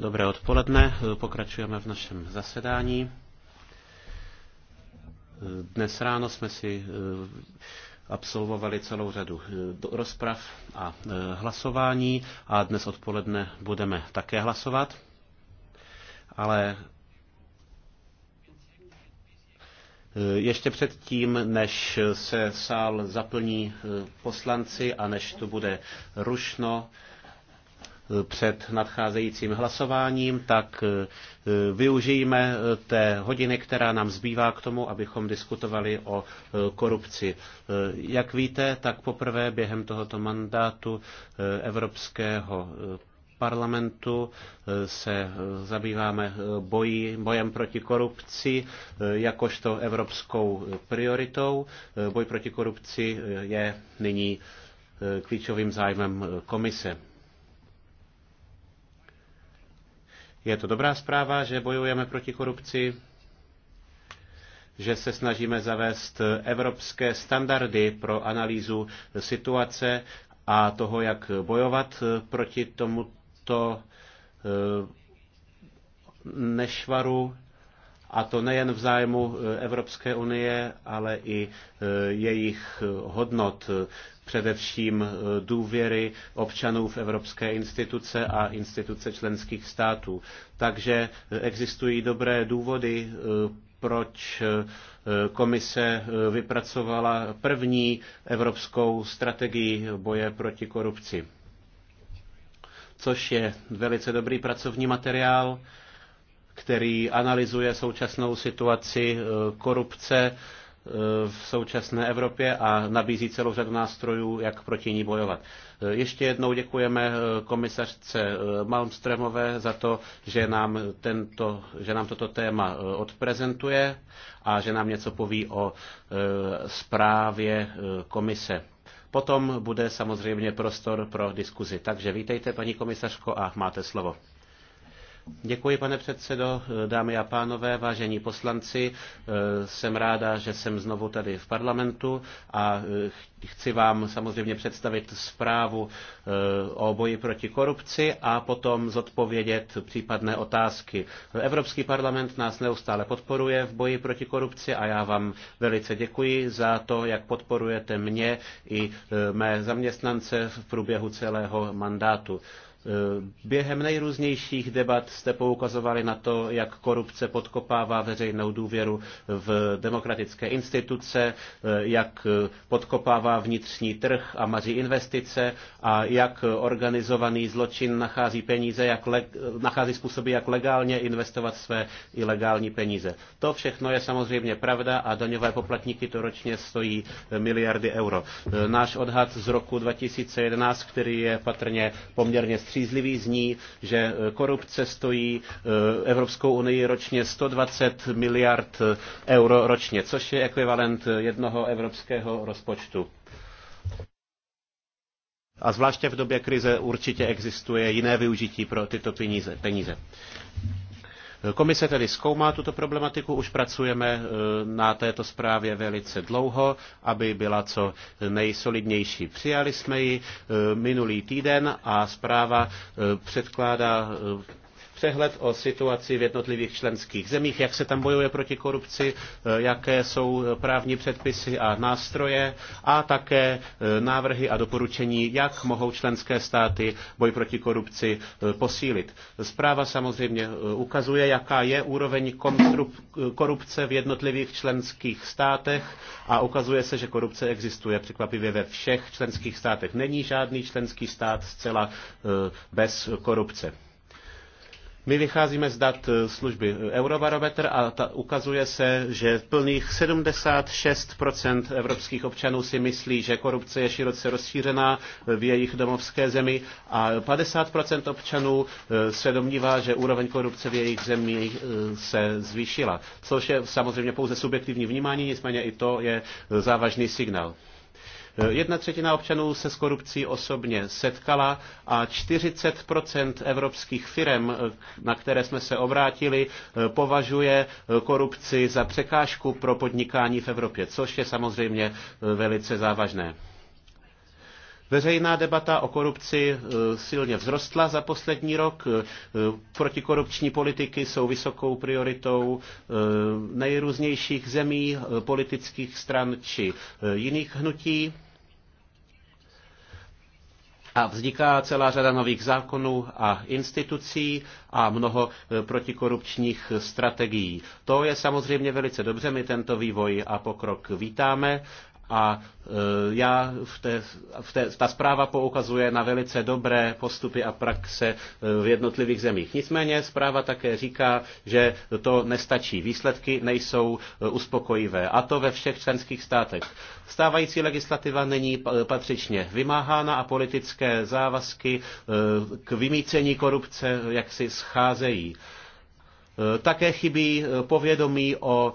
Dobré odpoledne, pokračujeme v našem zasedání. Dnes ráno jsme si eh, absolvovali celou řadu eh, rozprav a eh, hlasování a dnes odpoledne budeme také hlasovat. Ale Eh, ještě předtím, než se sál zaplní eh, poslanci a než to bude rušno eh, před nadcházejícím hlasováním, tak využijeme té hodiny, která nám zbývá k tomu, abychom diskutovali o korupci. Jak víte, tak poprvé během tohoto mandátu Evropského parlamentu eh, se eh, zabýváme eh, boji, bojem proti korupci jakožto evropskou prioritou. Boj proti korupci je nyní klíčovým zájmem komise. Je to dobrá zpráva, že bojujeme proti korupci, že se snažíme zavést evropské standardy pro analýzu situace a toho, jak bojovat proti tomu, tomuto eh, nešvaru, a to nejen v zájmu eh, Evropské unie, ale i eh, jejich hodnot, především důvěry občanů v evropské instituce a instituce členských států. Takže existují dobré důvody, proč komise vypracovala první evropskou strategii boje proti korupci což je velice dobrý pracovní materiál, který analyzuje současnou situaci eh, korupce eh, v současné Evropě a nabízí celou řadu nástrojů, jak proti ní bojovat. Eh, ještě jednou děkujeme komisařce Malmströmové za to, že nám, tento, že nám toto téma odprezentuje a že nám něco poví o zprávě komise. Potom bude samozřejmě prostor pro diskuzi. Takže vítejte, paní komisařko, a máte slovo. Děkuji, pane předsedo, dámy a pánové, vážení poslanci. Jsem ráda, že jsem znovu tady v parlamentu a chci vám samozřejmě představit zprávu eh, o boji proti korupci a potom zodpovědět případné otázky. Evropský parlament nás neustále podporuje v boji proti korupci a já vám velice děkuji za to, jak podporujete mě i eh, mé zaměstnance v průběhu celého mandátu. Eh, během nejrůznějších debat jste poukazovali na to, jak korupce podkopává veřejnou důvěru v demokratické instituce, eh, jak podkopává vnitřní trh a maří investice a jak organizovaný zločin nachází peníze, jak le, nachází způsoby, jak legálně investovat své ilegální peníze. To všechno je samozřejmě pravda a daňové poplatníky to ročně stojí eh, miliardy euro. Náš odhad z roku 2011, který je patrně poměrně střízlivý, zní, že eh, korupce stojí eh, Evropskou unii ročně 120 miliard eh, euro ročně, což je ekvivalent jednoho evropského rozpočtu. A zvláště v době krize určitě existuje jiné využití pro tyto peníze. peníze. Komise tedy zkoumá tuto problematiku, už pracujeme eh, na této zprávě velice dlouho, aby byla co nejsolidnější. Přijali jsme ji eh, minulý týden a zpráva eh, předkládá přehled o situaci v jednotlivých členských zemích, jak se tam bojuje proti korupci, eh, jaké jsou právní předpisy a nástroje a také eh, návrhy a doporučení, jak mohou členské státy boj proti korupci eh, posílit. Zpráva samozřejmě ukazuje, jaká je úroveň korupce v jednotlivých členských státech a ukazuje se, že korupce existuje překvapivě ve všech členských státech. Není žádný členský stát zcela bez korupce. My vycházíme z dat eh, služby eh, Eurobarometer a ta ukazuje se, že plných 76% evropských občanů si myslí, že korupce je široce rozšířená eh, v jejich domovské zemi a 50% občanů se domnívá, že úroveň korupce v jejich zemi se zvýšila, což je samozřejmě pouze subjektivní vnímání, nicméně i to je závažný signál. Jedna třetina občanů se s korupcí osobně setkala a 40% evropských firm, na které jsme se obrátili, považuje korupci za překážku pro podnikání v Evropě, což je samozřejmě velice závažné. Veřejná debata o korupci eh, silně vzrostla za poslední rok. Eh, protikorupční politiky jsou vysokou prioritou eh, nejrůznějších zemí, politických stran či jiných hnutí. A vzniká celá řada nových zákonů a institucí a mnoho e, protikorupčních strategií. To je samozřejmě velice dobře, my tento vývoj a pokrok vítáme a e, já v té, v té, ta zpráva poukazuje na velice dobré postupy a praxe e, v jednotlivých zemích. Nicméně zpráva také říká, že to nestačí. Výsledky nejsou e, uspokojivé. A to ve všech členských státech. Stávající legislativa není patřičně vymáhána a politické závazky k vymícení korupce jaksi scházejí. Také chybí povědomí o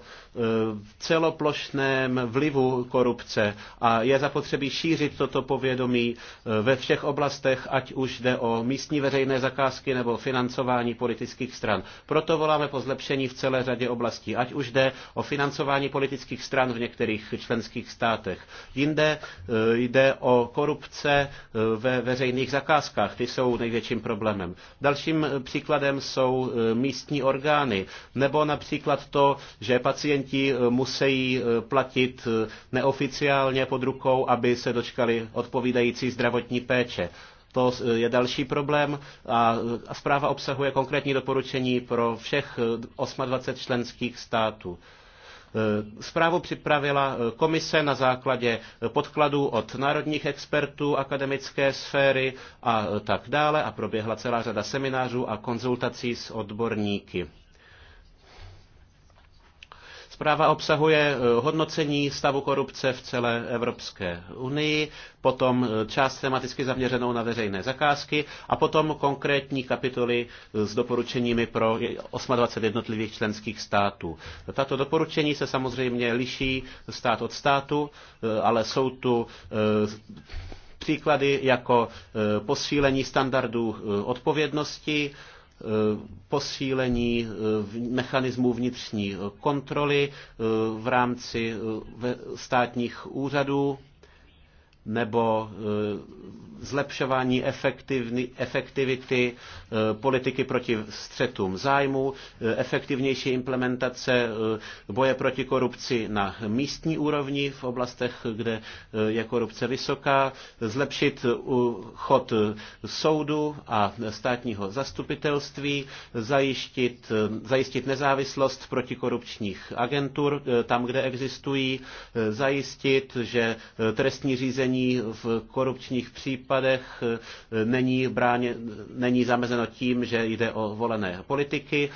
celoplošném vlivu korupce a je zapotřebí šířit toto povědomí eh, ve všech oblastech, ať už jde o místní veřejné zakázky nebo financování politických stran. Proto voláme po zlepšení v celé řadě oblastí, ať už jde o financování politických stran v některých členských státech. Jinde eh, jde o korupce eh, ve veřejných zakázkách, ty jsou největším problémem. Dalším příkladem jsou místní orgány, nebo například to, že pacienti studenti eh, musí eh, platit eh, neoficiálně pod rukou, aby se dočkali odpovídající zdravotní péče. To je další problém a zpráva obsahuje konkrétní doporučení pro všech 28 členských států. Zprávu připravila komise na základě podkladů od národních expertů, akademické sféry a tak dále a proběhla celá řada seminářů a konzultací s odborníky. Zpráva obsahuje eh, hodnocení stavu korupce v celé Evropské unii, potom eh, část tematicky zaměřenou na veřejné zakázky a potom konkrétní kapitoly eh, s doporučeními pro 28 jednotlivých členských států. Tato doporučení se samozřejmě liší stát od státu, ale jsou tu příklady jako posílení standardů odpovědnosti, Eh, posílení eh, mechanismů vnitřní kontroly eh, v rámci státních úřadů nebo eh, zlepšování efektivity eh, politiky proti střetům zájmu, eh, efektivnější implementace boje proti korupci na místní úrovni v oblastech, kde je korupce vysoká, zlepšit chod soudu a státního zastupitelství, zajistit, zajistit nezávislost protikorupčních agentur tam, kde existují, zajistit, že trestní řízení stíhání v korupčních případech e, není, bráně, není zamezeno tím, že jde o volené politiky,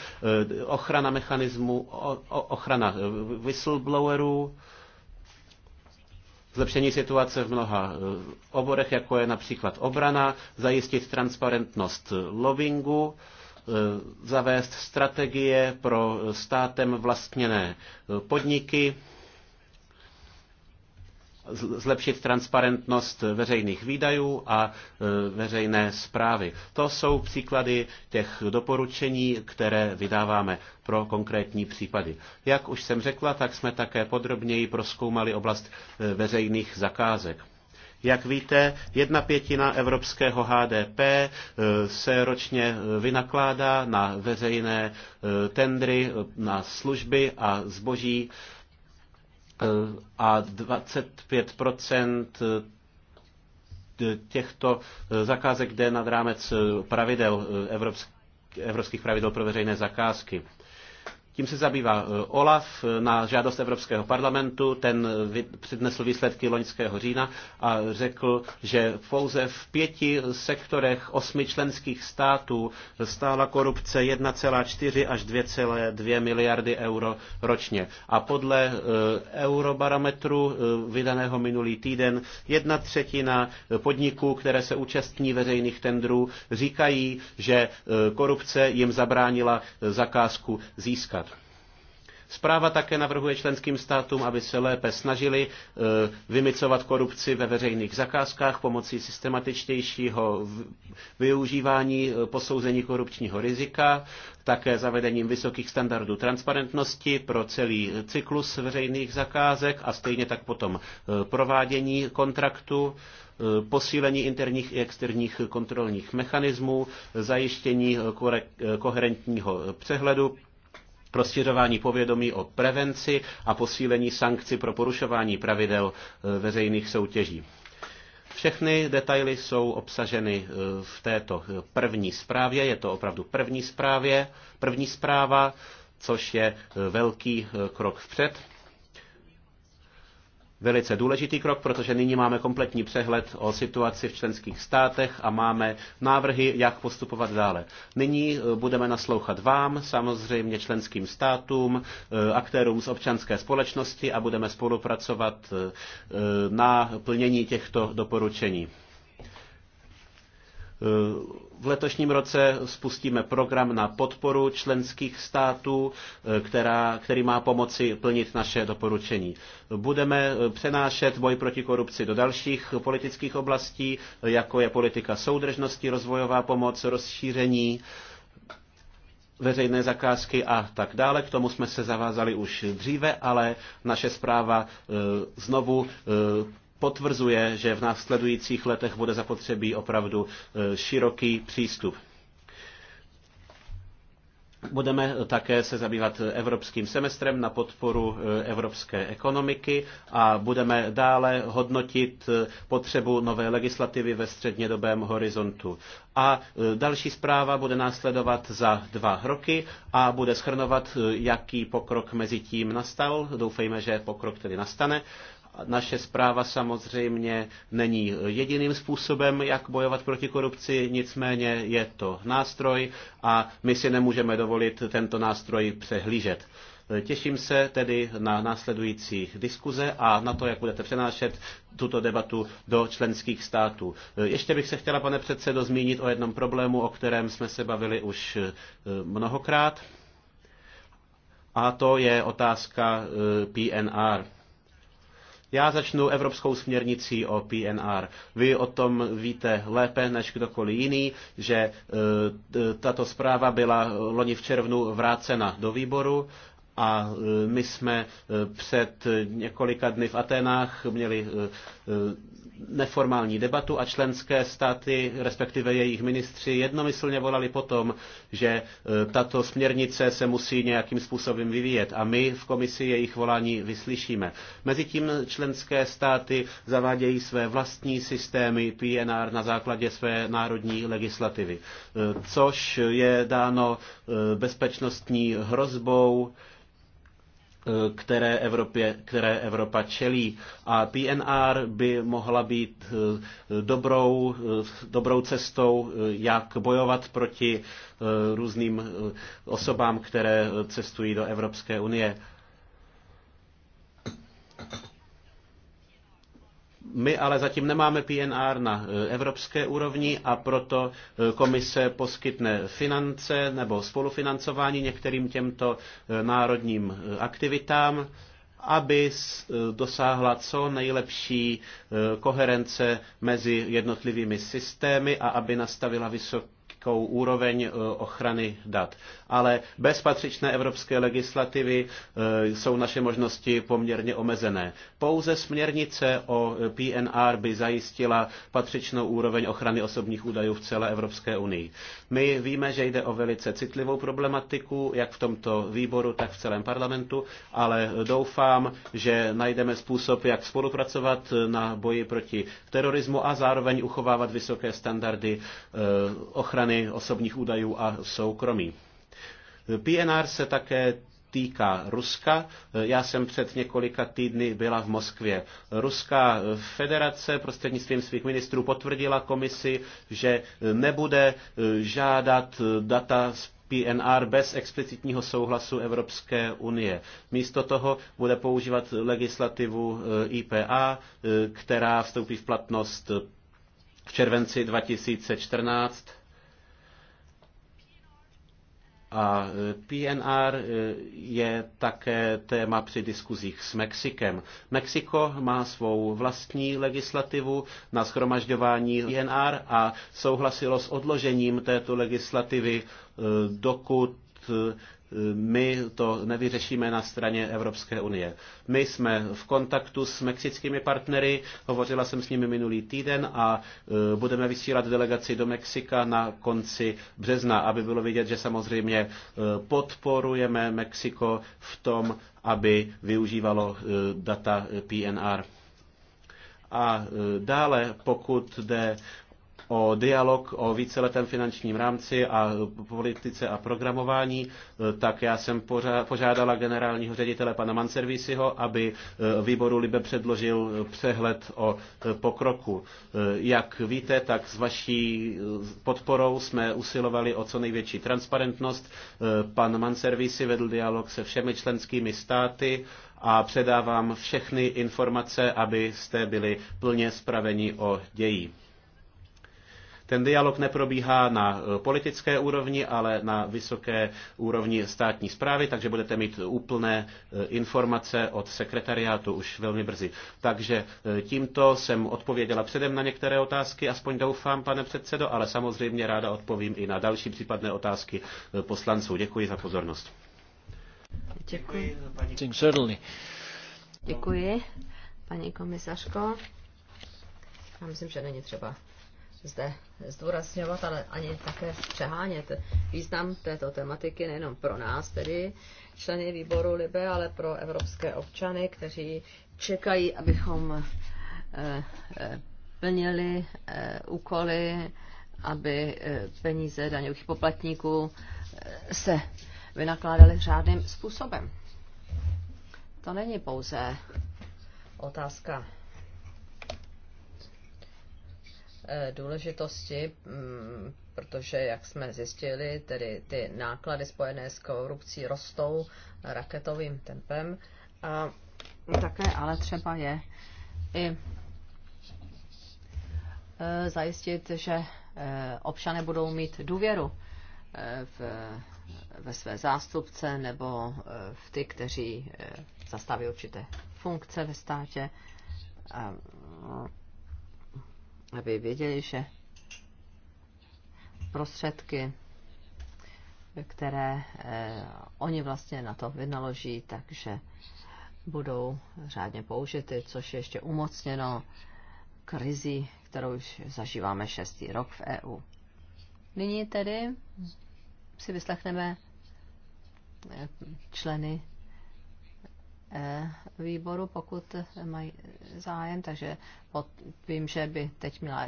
e, ochrana mechanismu, ochrana e, whistleblowerů, zlepšení situace v mnoha oborech, jako je například obrana, zajistit transparentnost lovingu, zavést strategie pro státem vlastněné podniky, zlepšit transparentnost veřejných výdajů a e, veřejné zprávy. To jsou příklady těch doporučení, které vydáváme pro konkrétní případy. Jak už jsem řekla, tak jsme také podrobněji proskoumali oblast e, veřejných zakázek. Jak víte, jedna pětina evropského HDP e, se ročně vynakládá na veřejné tendry, na služby a zboží Eh, a 25 eh, těchto eh, zakázek jde nad rámec pravidel evropských pravidel pro veřejné zakázky. Tím se zabývá eh, OLAF na žádost Evropského parlamentu, ten eh, přednesl výsledky loňského října a řekl, že pouze v pěti sektorech osmi členských států stála korupce 1,4 až 2,2 miliardy euro ročně. A podle eh, eurobarometru vydaného minulý týden jedna třetina podniků, které se účastní veřejných tendrů, říkají, že korupce jim zabránila zakázku získat. Zpráva také navrhuje členským státům, aby se lépe snažili eh, vymicovat korupci ve veřejných zakázkách pomocí systematičtějšího využívání eh, posouzení korupčního rizika, také zavedením vysokých standardů transparentnosti pro celý cyklus veřejných zakázek a stejně tak potom eh, provádění kontraktu posílení interních i externích kontrolních mechanismů, zajištění koherentního přehledu rozšiřování povědomí o prevenci a posílení sankcí pro porušování pravidel e, veřejných soutěží. Všechny detaily jsou obsaženy e, v této e, první zprávě. Je to opravdu první, zprávě, první zpráva, což je velký krok vpřed velice důležitý krok, protože nyní máme kompletní přehled o situaci v členských státech a máme návrhy, jak postupovat dále. Nyní e, budeme naslouchat vám, samozřejmě členským státům, e, aktérům z občanské společnosti a budeme spolupracovat e, na plnění těchto doporučení. V letošním roce spustíme program na podporu členských států, eh, která, který má pomoci plnit naše doporučení. Budeme eh, přenášet boj proti korupci do dalších politických oblastí, eh, jako je politika soudržnosti, rozvojová pomoc, rozšíření veřejné zakázky a tak dále. K tomu jsme se zavázali už dříve, ale naše zpráva znovu potvrzuje, že v následujících letech bude zapotřebí opravdu e, široký přístup. Budeme také se zabývat evropským semestrem na podporu e, evropské ekonomiky a budeme dále hodnotit e, potřebu nové legislativy ve střednědobém horizontu. A další zpráva bude následovat za dva roky a bude schrnovat, jaký pokrok mezi tím nastal. Doufejme, že pokrok tedy nastane. Naše zpráva samozřejmě není jediným způsobem, jak bojovat proti korupci, nicméně je to nástroj a my si nemůžeme dovolit tento nástroj přehlížet. Těším se tedy na následující diskuze a na to, jak budete přenášet tuto debatu do členských států. Ještě bych se chtěla, pane předsedo, zmínit o jednom problému, o kterém jsme se bavili už eh, mnohokrát. A to je otázka eh, PNR. Já začnu evropskou směrnicí o PNR. Vy o tom víte lépe než kdokoliv jiný, že e, tato zpráva byla loni v červnu vrácena do výboru a e, my jsme e, před několika dny v Atenách měli neformální debatu a členské státy, respektive jejich ministři, jednomyslně volali potom, že e, tato směrnice se musí nějakým způsobem vyvíjet a my v komisi jejich volání vyslyšíme. Mezitím členské státy zavádějí své vlastní systémy PNR na základě své národní legislativy, e, což je dáno e, bezpečnostní hrozbou, které, Evropě, které Evropa čelí. A PNR by mohla být eh, dobrou, eh, dobrou cestou, eh, jak bojovat proti různým osobám, které cestují do Evropské unie. My ale zatím nemáme PNR na e, evropské úrovni a proto e, komise poskytne finance nebo spolufinancování některým těmto e, národním aktivitám, aby dosáhla co nejlepší koherence mezi jednotlivými systémy a aby nastavila vysokou nízkou úroveň eh, ochrany dat. Ale bez patřičné evropské legislativy eh, jsou naše možnosti poměrně omezené. Pouze směrnice o eh, PNR by zajistila patřičnou úroveň ochrany osobních údajů v celé Evropské unii. My víme, že jde o velice citlivou problematiku, jak v tomto výboru, tak v celém parlamentu, ale doufám, že najdeme způsob, jak spolupracovat na boji proti terorismu a zároveň uchovávat vysoké standardy ochrany ochrany osobních údajů a soukromí. PNR se také týká Ruska. Já jsem před několika týdny byla v Moskvě. Ruská federace prostřednictvím svých ministrů potvrdila komisi, že nebude žádat data z PNR bez explicitního souhlasu Evropské unie. Místo toho bude používat legislativu eh, IPA, eh, která vstoupí v platnost v červenci 2014 a eh, PNR eh, je také téma při diskuzích s Mexikem. Mexiko má svou vlastní legislativu na schromažďování PNR a souhlasilo s odložením této legislativy, eh, dokud my to nevyřešíme na straně Evropské unie. My jsme v kontaktu s mexickými partnery, hovořila jsem s nimi minulý týden a e, budeme vysílat delegaci do Mexika na konci března, aby bylo vidět, že samozřejmě e, podporujeme Mexiko v tom, aby využívalo e, data PNR. A dále, pokud jde o dialog o víceletém finančním rámci a politice a programování, tak já jsem požádala generálního ředitele pana Manservisiho, aby e, výboru Libe předložil přehled o e, pokroku. E, jak víte, tak s vaší podporou jsme usilovali o co největší transparentnost. Pan Manservisi vedl dialog se všemi členskými státy a předávám všechny informace, abyste byli plně spraveni o ději. Ten dialog neprobíhá na eh, politické úrovni, ale na vysoké úrovni státní zprávy, takže budete mít úplné eh, informace od sekretariátu už velmi brzy. Takže eh, tímto jsem odpověděla předem na některé otázky, aspoň doufám, pane předsedo, ale samozřejmě ráda odpovím i na další případné otázky poslanců. Děkuji za pozornost. Děkuji. Děkuji. Děkuji, paní komisařko. Já myslím, že není třeba zde zdůrazňovat, ale ani také přehánět význam této tematiky nejenom pro nás, tedy členy výboru Libe, ale pro evropské občany, kteří čekají, abychom eh, eh, plnili eh, úkoly, aby peníze daňových poplatníků se vynakládaly řádným způsobem. To není pouze otázka Eh, důležitosti, mm, protože, jak jsme zjistili, tedy ty náklady spojené s korupcí rostou raketovým tempem. A také ale třeba je i eh, zajistit, že eh, občané budou mít důvěru v, ve své zástupce nebo v ty, kteří zastaví určité funkce ve státě. A, aby věděli, že prostředky, které eh, oni vlastně na to vynaloží, takže budou řádně použity, což je ještě umocněno krizi, kterou už zažíváme šestý rok v EU. Nyní tedy si vyslechneme eh, členy Eh, výboru, pokud mají zájem, takže pod, vím, že by teď měla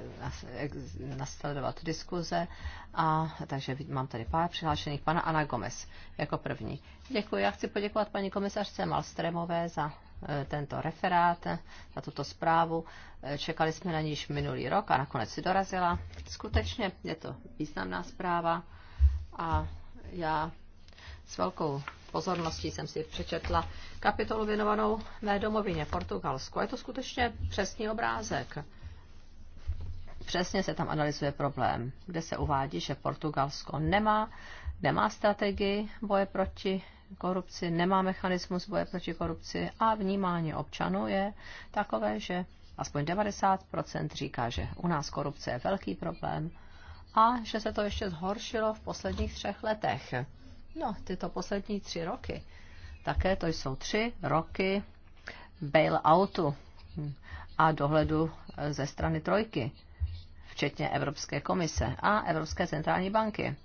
nasledovat diskuze, a, takže mám tady pár přihlášených. Pana Ana Gomez jako první. Děkuji, já chci poděkovat paní komisařce Malstremové za eh, tento referát, za tuto zprávu. Eh, čekali jsme na níž minulý rok a nakonec si dorazila. Skutečně je to významná zpráva a já s velkou pozorností jsem si přečetla kapitolu věnovanou mé domovině Portugalsku. je to skutečně přesný obrázek. Přesně se tam analyzuje problém, kde se uvádí, že Portugalsko nemá, nemá strategii boje proti korupci, nemá mechanismus boje proti korupci a vnímání občanů je takové, že aspoň 90% říká, že u nás korupce je velký problém a že se to ještě zhoršilo v posledních třech letech. No, tyto poslední tři roky, také to jsou tři roky bailoutu a dohledu ze strany trojky, včetně Evropské komise a Evropské centrální banky.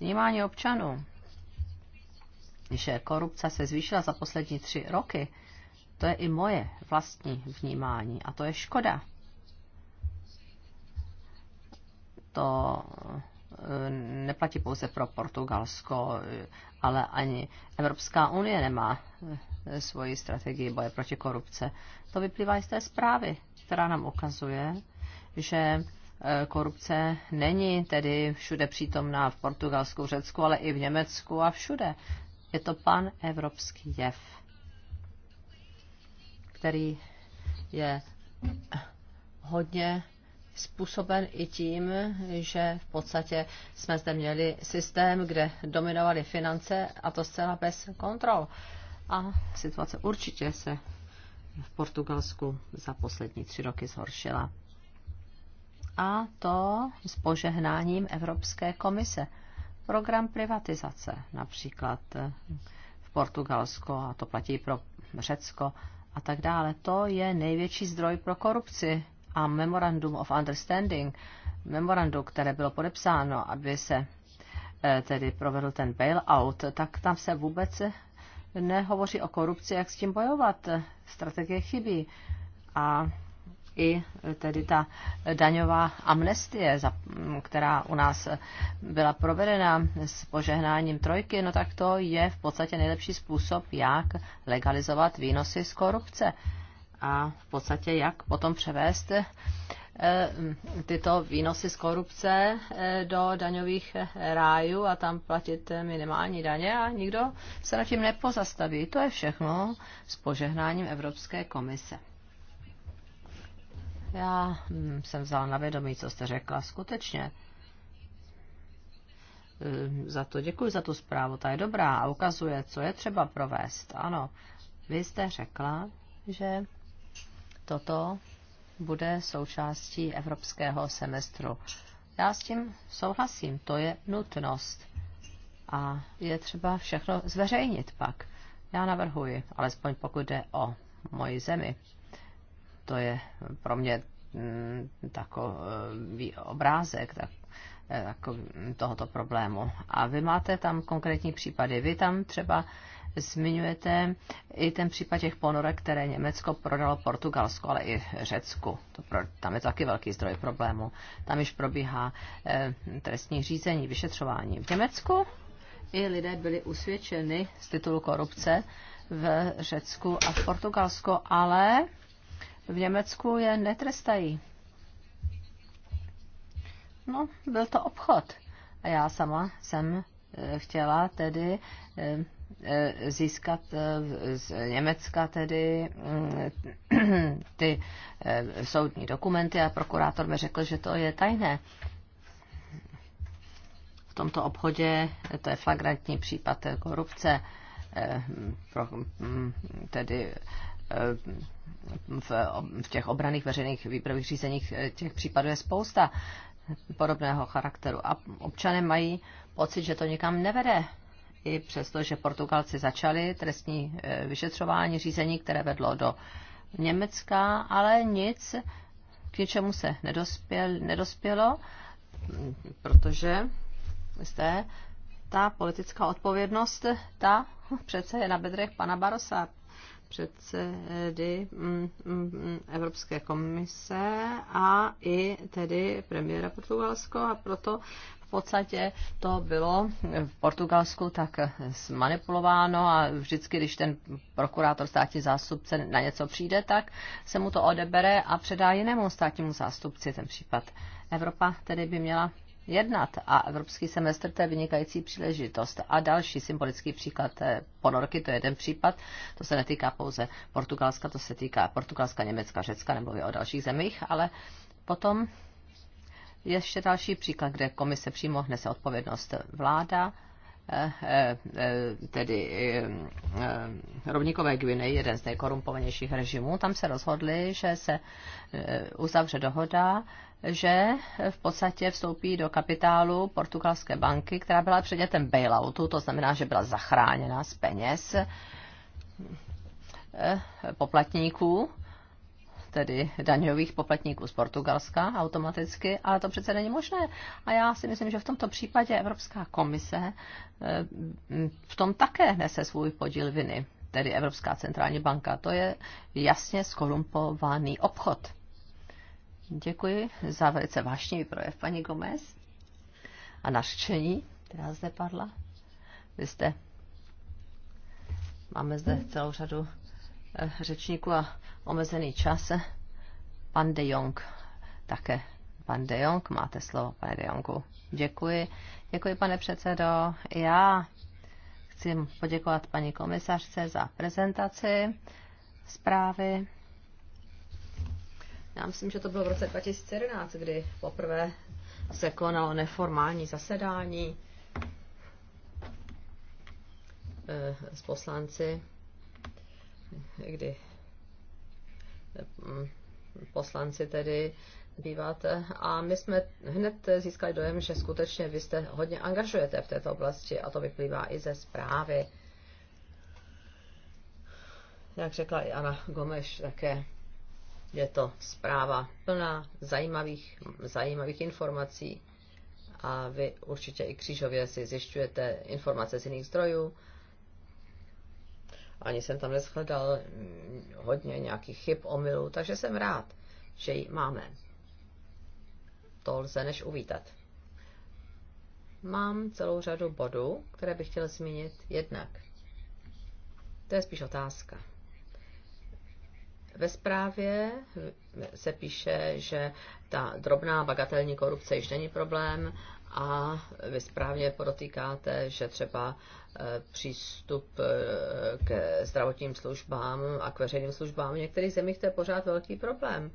Vnímání občanů, že korupce se zvýšila za poslední tři roky, to je i moje vlastní vnímání a to je škoda. To Eh, neplatí pouze pro Portugalsko, eh, ale ani Evropská unie nemá eh, svoji strategii boje proti korupce. To vyplývá z té zprávy, která nám ukazuje, že korupce není tedy všude přítomná v Portugalsku, Řecku, ale i v Německu a všude. Je to pan evropský jev, který je hodně způsoben i tím, že v podstatě jsme zde měli systém, kde dominovaly finance a to zcela bez kontrol. A situace určitě se v Portugalsku za poslední tři roky zhoršila. A to s požehnáním Evropské komise. Program privatizace například eh, v Portugalsku, a to platí pro Řecko a tak dále, to je největší zdroj pro korupci a Memorandum of Understanding, memorandum, které bylo podepsáno, aby se eh, tedy provedl ten bailout, tak tam se vůbec nehovoří o korupci, jak s tím bojovat. Strategie chybí. A i eh, tedy ta daňová amnestie, mm, která u nás byla provedena s požehnáním trojky, no tak to je v podstatě nejlepší způsob, jak legalizovat výnosy z korupce a v podstatě jak potom převést eh, tyto výnosy z korupce eh, do daňových eh, rájů a tam platit minimální daně a nikdo se nad tím nepozastaví. To je všechno s požehnáním Evropské komise. Já hm, jsem vzala na vědomí, co jste řekla. Skutečně hm, za to děkuji za tu zprávu, ta je dobrá a ukazuje, co je třeba provést. Ano, vy jste řekla, že toto bude součástí evropského semestru. Já s tím souhlasím, to je nutnost. A je třeba všechno zveřejnit pak. Já navrhuji, alespoň pokud jde o moji zemi. To je pro mě mm, takový obrázek tak, eh, tak, tohoto problému. A vy máte tam konkrétní případy. Vy tam třeba zmiňujete i ten případ těch ponorek, které Německo prodalo Portugalsku, ale i Řecku. To pro, tam je to taky velký zdroj problému. Tam již probíhá eh, trestní řízení, vyšetřování. V Německu i lidé byli usvědčeni z titulu korupce v Řecku a v Portugalsku, ale v Německu je netrestají. No, byl to obchod. A já sama jsem eh, chtěla tedy eh, Eh, získat eh, z Německa tedy mm, ty eh, soudní dokumenty a prokurátor mi řekl, že to je tajné. V tomto obchodě to je flagrantní případ korupce, mm, tedy v, těch obraných veřejných výběrových řízeních těch případů je spousta podobného charakteru a občané mají pocit, že to nikam nevede i přesto, že Portugalci začali trestní e, vyšetřování řízení, které vedlo do Německa, ale nic, k ničemu se nedospěl, nedospělo, protože zde ta politická odpovědnost, ta přece je na bedrech pana Barosa, předsedy mm, mm, Evropské komise a i tedy premiéra Portugalsko a proto v podstatě to bylo v Portugalsku tak zmanipulováno a vždycky, když ten prokurátor státní zástupce na něco přijde, tak se mu to odebere a předá jinému státnímu zástupci ten případ. Evropa tedy by měla jednat a evropský semestr to je vynikající příležitost. A další symbolický příklad eh, ponorky, to je jeden případ, to se netýká pouze Portugalska, to se týká Portugalska, Německa, Řecka, i o dalších zemích, ale potom ještě další příklad, kde komise přímo nese odpovědnost vláda, eh, eh, eh, tedy rovníkové Gviny, jeden z nejkorumpovanějších režimů, tam se rozhodli, že se uzavře dohoda, že v podstatě vstoupí do kapitálu portugalské banky, která byla předmětem bailoutu, to znamená, že byla zachráněna z peněz poplatníků tedy daňových poplatníků z Portugalska automaticky, ale to přece není možné. A já si myslím, že v tomto případě Evropská komise eh, v tom také nese svůj podíl viny, tedy Evropská centrální banka. To je jasně skorumpovaný obchod. Děkuji za velice vášnivý projev, paní Gomez, a nařčení, která zde padla. Vy jste Máme zde celou řadu řečníků a omezený čas. Pan De Jong také. Pan De Jong, máte slovo, pane De Jongu. Děkuji. Děkuji, pane předsedo. Já chci poděkovat paní komisařce za prezentaci zprávy. Já myslím, že to bylo v roce 2011, kdy poprvé se konalo neformální zasedání eh, s poslanci kdy mm, poslanci tedy býváte A my jsme hned získali dojem, že skutečně vy jste hodně angažujete v této oblasti a to vyplývá i ze zprávy. Jak řekla i Ana Gomeš, také je to zpráva plná zajímavých, zajímavých informací a vy určitě i křížově si zjišťujete informace z jiných zdrojů ani jsem tam neschledal hodně nějakých chyb, omylů, takže jsem rád, že ji máme. To lze než uvítat. Mám celou řadu bodů, které bych chtěl zmínit jednak. To je spíš otázka. Ve zprávě se píše, že ta drobná bagatelní korupce již není problém, a vy správně podotýkáte, že třeba eh, přístup eh, k zdravotním službám a k veřejným službám v některých zemích to je pořád velký problém.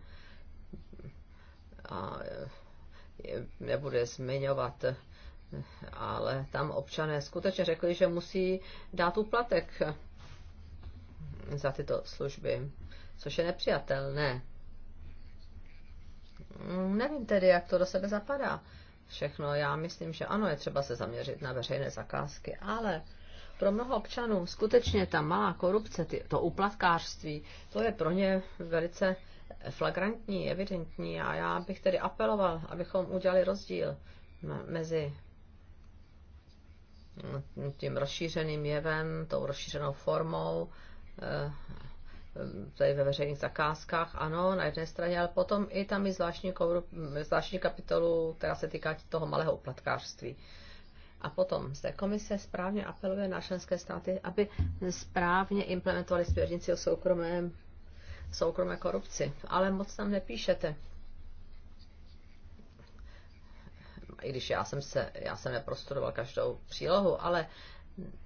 A eh, nebude zmiňovat, ale tam občané skutečně řekli, že musí dát úplatek za tyto služby, což je nepřijatelné. Nevím tedy, jak to do sebe zapadá všechno. Já myslím, že ano, je třeba se zaměřit na veřejné zakázky, ale pro mnoho občanů skutečně ta malá korupce, ty, to uplatkářství, to je pro ně velice flagrantní, evidentní a já bych tedy apeloval, abychom udělali rozdíl mezi tím rozšířeným jevem, tou rozšířenou formou eh, Eh, tady ve veřejných zakázkách, ano, na jedné straně, ale potom i tam i zvláštní, kouru, zvláštní kapitolu, která se týká toho malého uplatkářství. A potom zde komise správně apeluje na členské státy, aby správně implementovali směrnici o soukromé soukromé korupci. Ale moc tam nepíšete. I když já jsem, se, já jsem neprostudoval každou přílohu, ale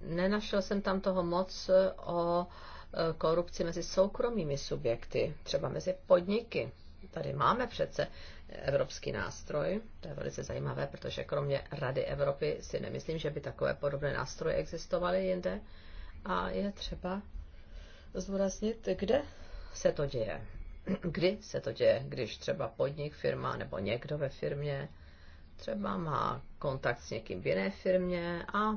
nenašel jsem tam toho moc o Eh, korupci mezi soukromými subjekty, třeba mezi podniky. Tady máme přece evropský nástroj, to je velice zajímavé, protože kromě Rady Evropy si nemyslím, že by takové podobné nástroje existovaly jinde. A je třeba zdůraznit, kde se to děje. Kdy se to děje, když třeba podnik, firma nebo někdo ve firmě třeba má kontakt s někým v jiné firmě a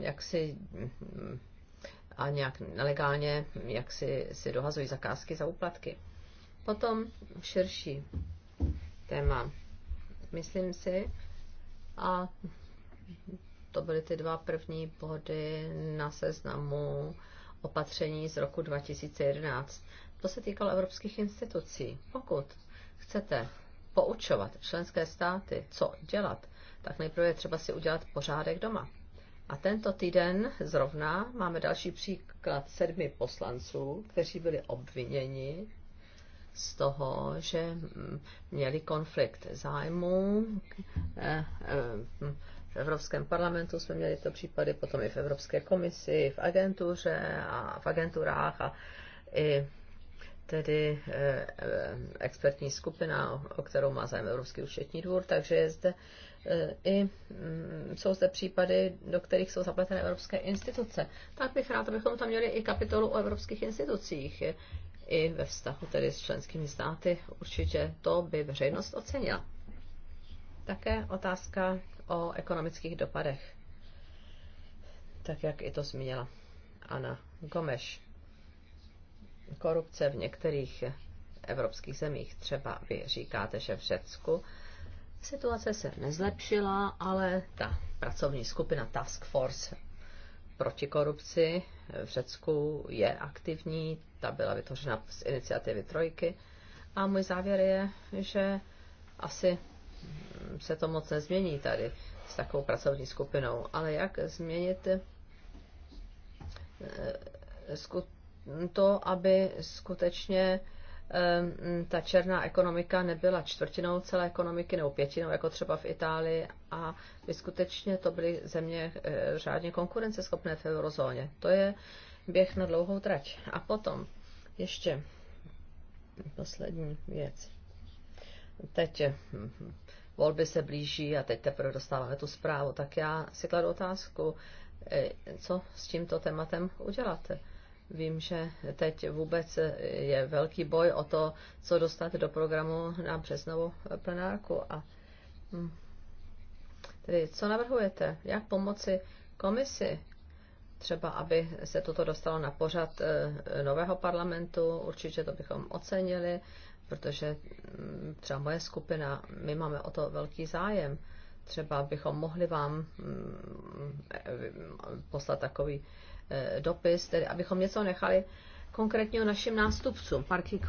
jak si mm, a nějak nelegálně jak si, si dohazují zakázky za úplatky. Potom širší téma. Myslím si, a to byly ty dva první body na seznamu opatření z roku 2011. To se týkalo evropských institucí. Pokud chcete poučovat členské státy, co dělat, tak nejprve je třeba si udělat pořádek doma. A tento týden zrovna máme další příklad sedmi poslanců, kteří byli obviněni z toho, že mm, měli konflikt zájmů. Eh, eh, v Evropském parlamentu jsme měli to případy, potom i v Evropské komisi, v agentuře a v agenturách a i tedy eh, expertní skupina, o kterou má zájem Evropský účetní dvůr, takže je zde i mm, jsou zde případy, do kterých jsou zapletené evropské instituce. Tak bych rád, abychom tam měli i kapitolu o evropských institucích, i ve vztahu tedy s členskými státy. Určitě to by veřejnost ocenila. Také otázka o ekonomických dopadech. Tak jak i to zmínila Ana Gomeš. Korupce v některých evropských zemích. Třeba vy říkáte, že v Řecku Situace se nezlepšila, ale ta pracovní skupina Task Force proti korupci v Řecku je aktivní, ta byla vytvořena z iniciativy Trojky. A můj závěr je, že asi se to moc nezmění tady s takovou pracovní skupinou, ale jak změnit eh, to, aby skutečně ta černá ekonomika nebyla čtvrtinou celé ekonomiky nebo pětinou, jako třeba v Itálii. A by skutečně to byly země eh, řádně konkurenceschopné v eurozóně. To je běh na dlouhou trať. A potom ještě poslední věc. Teď eh, volby se blíží a teď teprve dostáváme tu zprávu. Tak já si kladu otázku, eh, co s tímto tématem uděláte? Vím, že teď vůbec je velký boj o to, co dostat do programu na březnovou plenárku. A, hm, tedy, co navrhujete? Jak pomoci komisi? Třeba, aby se toto dostalo na pořad eh, nového parlamentu, určitě to bychom ocenili, protože hm, třeba moje skupina, my máme o to velký zájem třeba bychom mohli vám mm, poslat takový eh, dopis, tedy abychom něco nechali konkrétně o našim nástupcům, Parky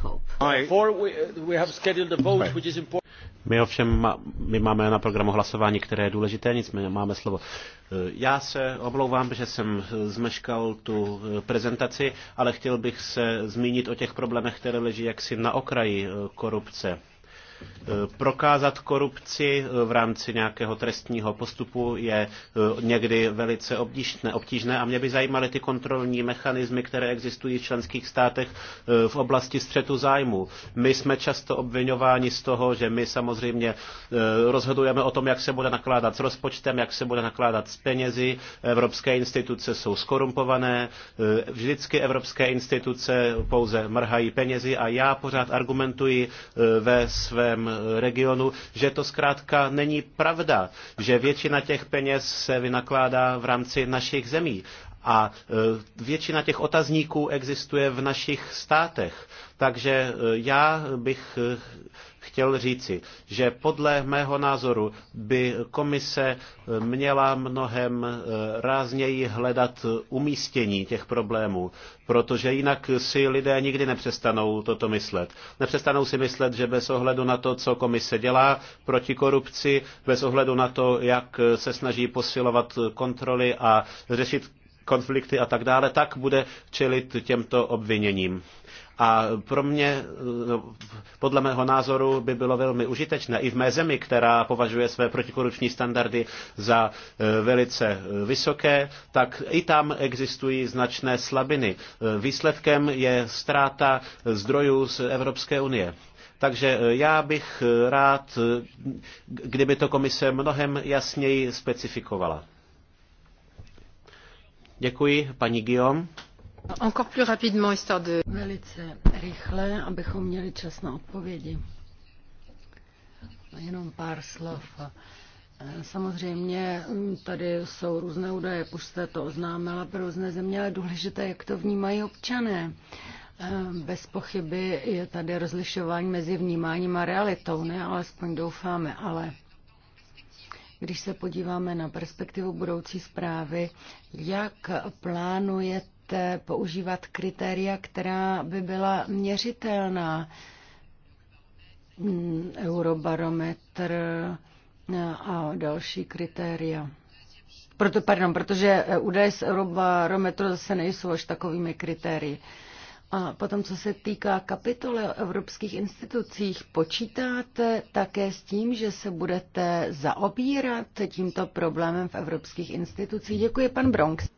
My ovšem má, my máme na programu hlasování, které je důležité, nicméně máme slovo. Eh, já se omlouvám, že jsem eh, zmeškal tu prezentaci, ale chtěl bych se zmínit o těch problémech, které leží jaksi na okraji korupce. Eh, prokázat korupci eh, v rámci nějakého trestního postupu je eh, někdy velice obtížné, a mě by zajímaly ty kontrolní mechanismy, které existují v členských státech v oblasti střetu zájmu. My jsme často obvinováni z toho, že my samozřejmě rozhodujeme o tom, jak se bude nakládat s rozpočtem, jak se bude nakládat s penězi. Evropské instituce jsou skorumpované, vždycky evropské instituce pouze mrhají penězi a já pořád argumentuji ve své svém regionu, že to zkrátka není pravda, že většina těch peněz se vynakládá v rámci našich zemí. A e, většina těch otazníků existuje v našich státech. Takže e, já bych e, chtěl říci, že podle mého názoru by komise měla mnohem eh, rázněji hledat umístění těch problémů, protože jinak si lidé nikdy nepřestanou toto myslet. Nepřestanou si myslet, že bez ohledu na to, co komise dělá proti korupci, bez ohledu na to, jak se snaží posilovat kontroly a řešit konflikty a tak dále, tak bude čelit těmto obviněním. A pro mě, no, podle mého názoru, by bylo velmi užitečné i v mé zemi, která považuje své protikorupční standardy za e, velice e, vysoké, tak i tam existují značné slabiny. E, výsledkem je ztráta zdrojů z Evropské unie. Takže já bych rád, kdyby to komise mnohem jasněji specifikovala. Děkuji, paní Guillaume. Velice rychle, abychom měli čas na odpovědi. Jenom pár slov. Eh, samozřejmě hm, tady jsou různé údaje, už jste to oznámila pro různé země, ale důležité, jak to vnímají občané. Eh, bez pochyby je tady rozlišování mezi vnímáním a realitou, ne? Alespoň doufáme, ale když se podíváme na perspektivu budoucí zprávy, jak plánujete používat kritéria, která by byla měřitelná. Eurobarometr eh, a další kritéria. Proto, pardon, protože eh, údaje z Eurobarometru zase nejsou až takovými kritérii. A potom, co se týká kapitoly o evropských institucích, počítáte také s tím, že se budete zaobírat tímto problémem v evropských institucích? Děkuji, pan Bronx.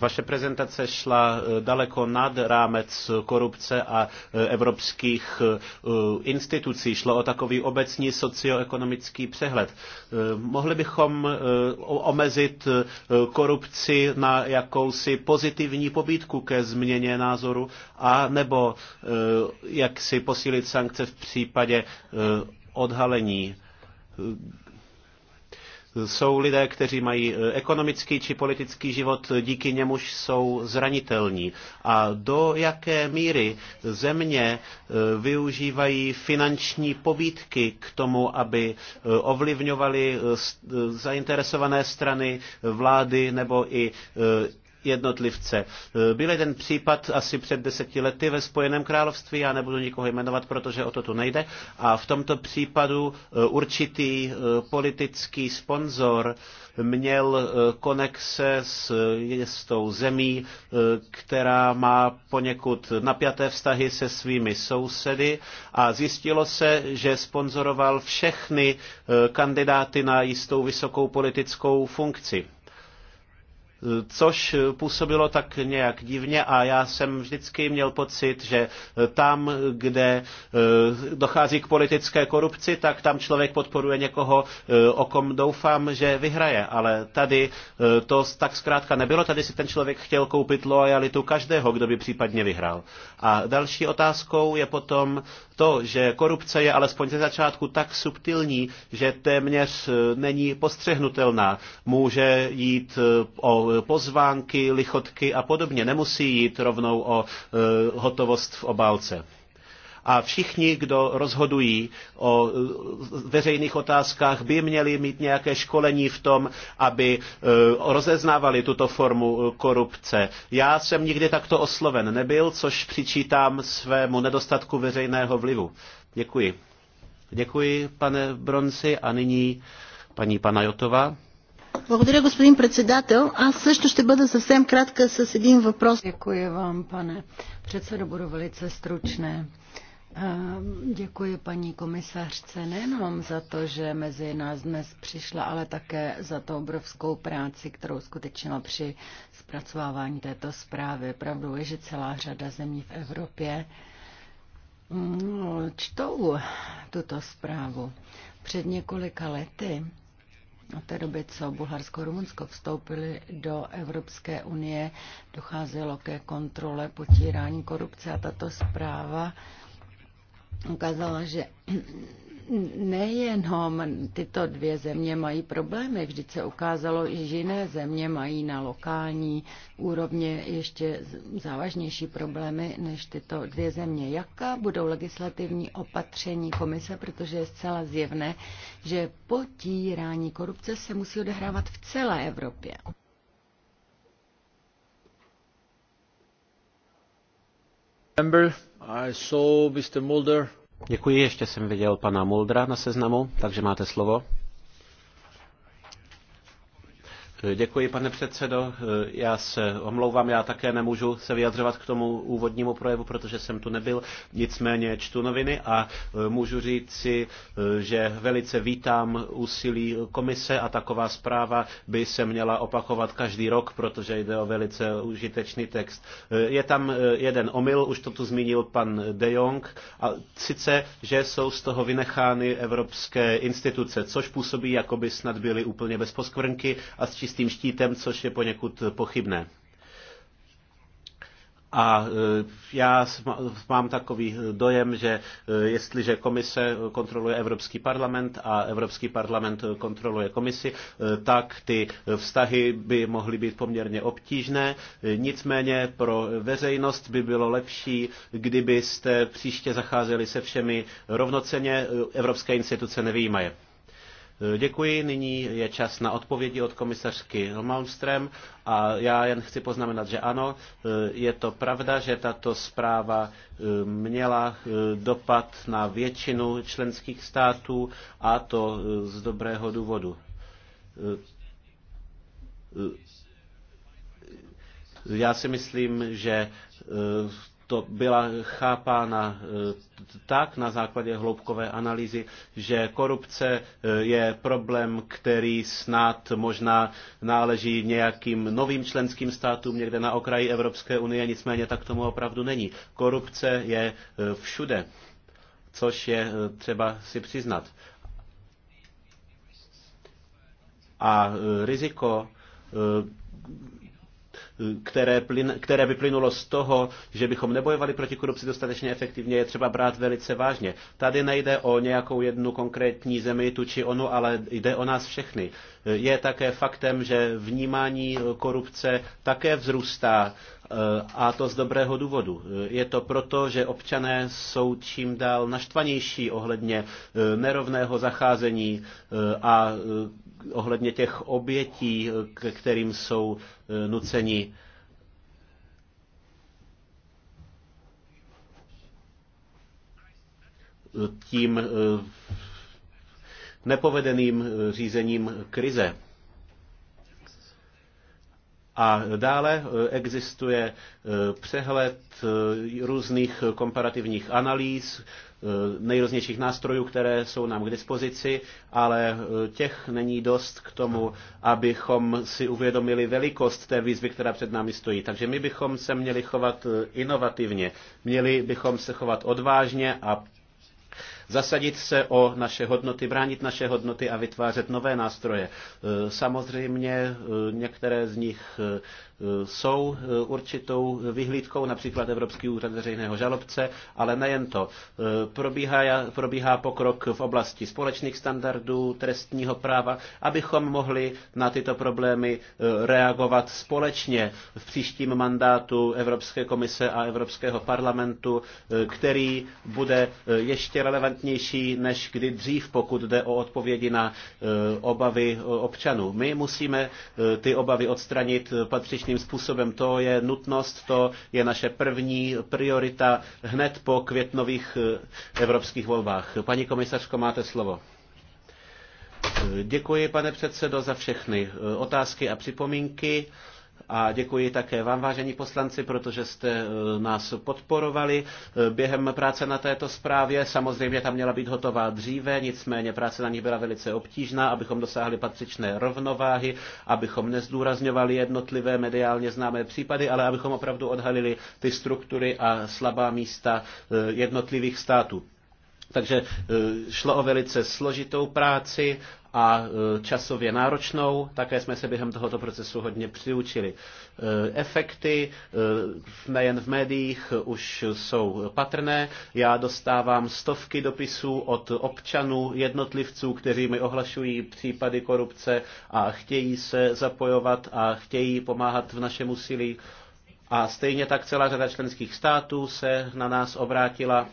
Vaše prezentace šla eh, daleko nad rámec korupce a eh, evropských eh, institucí. Šlo o takový obecní socioekonomický přehled. Mohli bychom omezit korupci na jakousi pozitivní pobídku ke změně názoru a nebo jak si posílit sankce v případě odhalení jsou lidé, kteří mají e, ekonomický či politický život, díky němuž jsou zranitelní. A do jaké míry země e, využívají finanční pobídky k tomu, aby e, ovlivňovali zainteresované strany, vlády nebo i jednotlivce. Byl jeden případ asi před deseti lety ve Spojeném království, já nebudu nikoho jmenovat, protože o to tu nejde, a v tomto případu eh, určitý eh, politický sponzor eh, měl konexe s, jistou zemí, která má poněkud napjaté vztahy se svými sousedy a zjistilo se, že sponzoroval všechny kandidáty na jistou vysokou politickou funkci což působilo tak nějak divně a já jsem vždycky měl pocit, že tam, kde eh, dochází k politické korupci, tak tam člověk podporuje někoho, eh, o kom doufám, že vyhraje. Ale tady eh, to tak zkrátka nebylo, tady si ten člověk chtěl koupit lojalitu každého, kdo by případně vyhrál. A další otázkou je potom, to, že korupce je alespoň ze začátku tak subtilní, že téměř eh, není postřehnutelná. Může jít eh, o pozvánky, lichotky a podobně. Nemusí jít rovnou o eh, hotovost v obálce. A všichni, kdo rozhodují o e, veřejných otázkách, by měli mít nějaké školení v tom, aby e, rozeznávali tuto formu e, korupce. Já jsem nikdy takto osloven nebyl, což přičítám svému nedostatku veřejného vlivu. Děkuji. Děkuji, pane Bronci, a nyní paní Panajotová. Благодаря, господин председател. Аз също ще бъда съвсем кратка с един въпрос. Děkuji vám, pane předsedo, budu velice stručné. Děkuji paní komisařce nejenom za to, že mezi nás dnes přišla, ale také za to obrovskou práci, kterou skutečnila při zpracovávání této zprávy. Pravdou je, že celá řada zemí v Evropě mm, čtou tuto zprávu. Před několika lety, od té doby, co Bulharsko a Rumunsko vstoupili do Evropské unie, docházelo ke kontrole potírání korupce a tato zpráva ukázala, že nejenom tyto dvě země mají problémy, vždyť se ukázalo, že jiné země mají na lokální úrovně ještě závažnější problémy než tyto dvě země. Jaká budou legislativní opatření komise, protože je zcela zjevné, že potírání korupce se musí odehrávat v celé Evropě. Děkuji, ještě jsem viděl pana Muldra na seznamu, takže máte slovo. Děkuji, pane předsedo. Já se omlouvám, já také nemůžu se vyjadřovat k tomu úvodnímu projevu, protože jsem tu nebyl. Nicméně čtu noviny a e, můžu říci, e, že velice vítám úsilí komise a taková zpráva by se měla opakovat každý rok, protože jde o velice užitečný text. E, je tam jeden omyl, už to tu zmínil pan De Jong, a sice, že jsou z toho vynechány evropské instituce, což působí, jako by snad byly úplně bez poskvrnky a s jistým štítem, což je poněkud pochybné. A e, já mám takový dojem, že e, jestliže komise kontroluje Evropský parlament a Evropský parlament kontroluje komisi, e, tak ty vztahy by mohly být poměrně obtížné. Nicméně pro veřejnost by bylo lepší, kdybyste příště zacházeli se všemi rovnoceně, evropské instituce nevýjímaje. Děkuji, nyní je čas na odpovědi od komisařky Malmström a já jen chci poznamenat, že ano, je to pravda, že tato zpráva eh, měla eh, dopad na většinu členských států a to eh, z dobrého důvodu. Já si myslím, že to byla chápána e, tak na základě hloubkové analýzy, že korupce e, je problém, který snad možná náleží nějakým novým členským státům někde na okraji Evropské unie, nicméně tak tomu opravdu není. Korupce je e, všude, což je třeba si přiznat. A riziko které, plyn, které vyplynulo z toho, že bychom nebojovali proti korupci dostatečně efektivně, je třeba brát velice vážně. Tady nejde o nějakou jednu konkrétní zemi, tu či onu, ale jde o nás všechny. Je také faktem, že vnímání korupce také vzrůstá a to z dobrého důvodu. Je to proto, že občané jsou čím dál naštvanější ohledně nerovného zacházení a ohledně těch obětí, k kterým jsou eh, nuceni. tím eh, nepovedeným eh, řízením krize. A dále e, existuje e, přehled e, různých komparativních analýz, nejrůznějších nástrojů, které jsou nám k dispozici, ale těch není dost k tomu, abychom si uvědomili velikost té výzvy, která před námi stojí. Takže my bychom se měli chovat inovativně, měli bychom se chovat odvážně a zasadit se o naše hodnoty, bránit naše hodnoty a vytvářet nové nástroje. E, samozřejmě e, některé z nich e, jsou určitou vyhlídkou, například Evropský úřad veřejného žalobce, ale nejen to. Probíhá, probíhá pokrok v oblasti společných standardů trestního práva, abychom mohli na tyto problémy reagovat společně v příštím mandátu Evropské komise a Evropského parlamentu, který bude ještě relevantnější razantnější než kdy dřív, pokud jde o odpovědi na e, obavy e, občanů. My musíme e, ty obavy odstranit patřičným způsobem. To je nutnost, to je naše první priorita hned po květnových evropských volbách. Paní komisařko, máte slovo. Děkuji, pane předsedo, za všechny otázky a připomínky. A děkuji také vám, vážení poslanci, protože jste e, nás podporovali e, během práce na této zprávě. Samozřejmě tam měla být hotová dříve, nicméně práce na ní byla velice obtížná, abychom dosáhli patřičné rovnováhy, abychom nezdůrazňovali jednotlivé mediálně známé případy, ale abychom opravdu odhalili ty struktury a slabá místa e, jednotlivých států. Takže e, šlo o velice složitou práci a e, časově náročnou. Také jsme se během tohoto procesu hodně přiučili. E, efekty nejen v médiích už jsou patrné. Já dostávám stovky dopisů od občanů, jednotlivců, kteří mi ohlašují případy korupce a chtějí se zapojovat a chtějí pomáhat v našem úsilí. A stejně tak celá řada členských států se na nás obrátila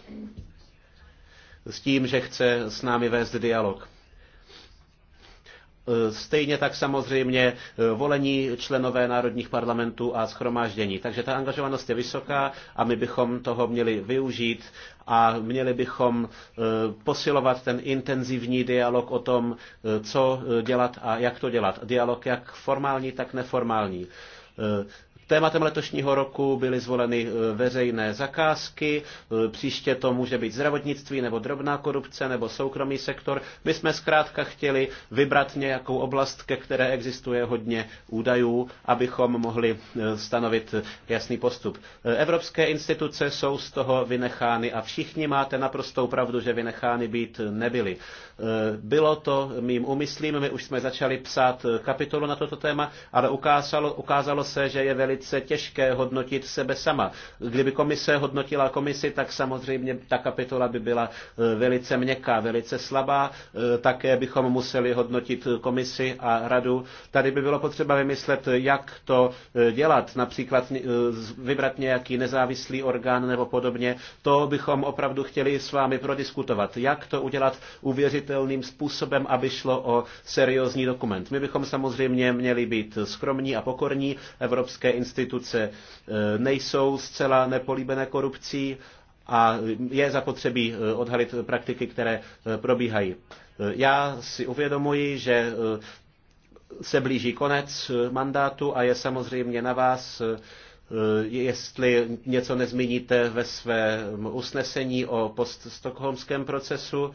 s tím, že chce s námi vést dialog. E, stejně tak samozřejmě e, volení členové národních parlamentů a schromáždění. Takže ta angažovanost je vysoká a my bychom toho měli využít a měli bychom e, posilovat ten intenzivní dialog o tom, co dělat a jak to dělat. Dialog jak formální, tak neformální. Tématem letošního roku byly zvoleny e, veřejné zakázky, e, příště to může být zdravotnictví nebo drobná korupce nebo soukromý sektor. My jsme zkrátka chtěli vybrat nějakou oblast, ke které existuje hodně údajů, abychom mohli e, stanovit jasný postup. Evropské instituce jsou z toho vynechány a všichni máte naprostou pravdu, že vynechány být nebyly. Bylo to mým úmyslím, my už jsme začali psát kapitolu na toto téma, ale ukázalo, ukázalo se, že je velice velice těžké hodnotit sebe sama. Kdyby komise hodnotila komisi, tak samozřejmě ta kapitola by byla eh, velice měkká, velice slabá. Eh, také bychom museli hodnotit komisi a radu. Tady by bylo potřeba vymyslet, jak to eh, dělat, například vybrat nějaký nezávislý orgán nebo podobně. To bychom opravdu chtěli s vámi prodiskutovat. Jak to udělat uvěřitelným způsobem, aby šlo o seriózní dokument. My bychom samozřejmě měli být skromní a pokorní. Evropské instituce eh, nejsou zcela nepolíbené korupcí a je zapotřebí eh, odhalit praktiky, které eh, probíhají. Já si uvědomuji, že se blíží konec mandátu a je samozřejmě na vás, jestli něco nezmíníte ve svém usnesení o poststokholmském procesu,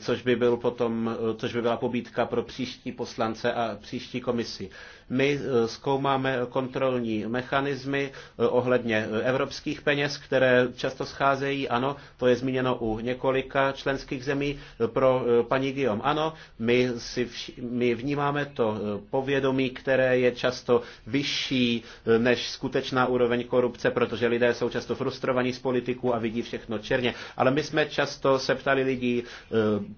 což by, byl potom, což by byla pobídka pro příští poslance a příští komisi. My eh, zkoumáme kontrolní mechanismy eh, ohledně eh, evropských peněz, které často scházejí. Ano, to je zmíněno u několika členských zemí. Pro paní Guillaume, ano, my, si vš- my vnímáme to povědomí, které je často vyšší než skutečná úroveň korupce, protože lidé jsou často frustrovaní z politiků a vidí všechno černě. Ale my jsme často se ptali lidí,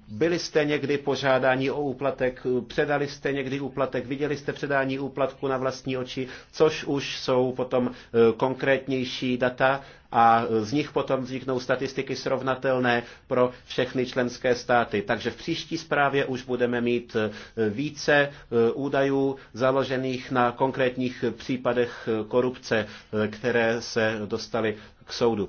byli jste někdy požádáni o úplatek, předali jste někdy úplatek, viděli jste předání úplatku na vlastní oči, což už jsou potom e, konkrétnější data a z nich potom vzniknou statistiky srovnatelné pro všechny členské státy. Takže v příští zprávě už budeme mít e, více e, údajů založených na konkrétních případech korupce, které se dostaly k soudu.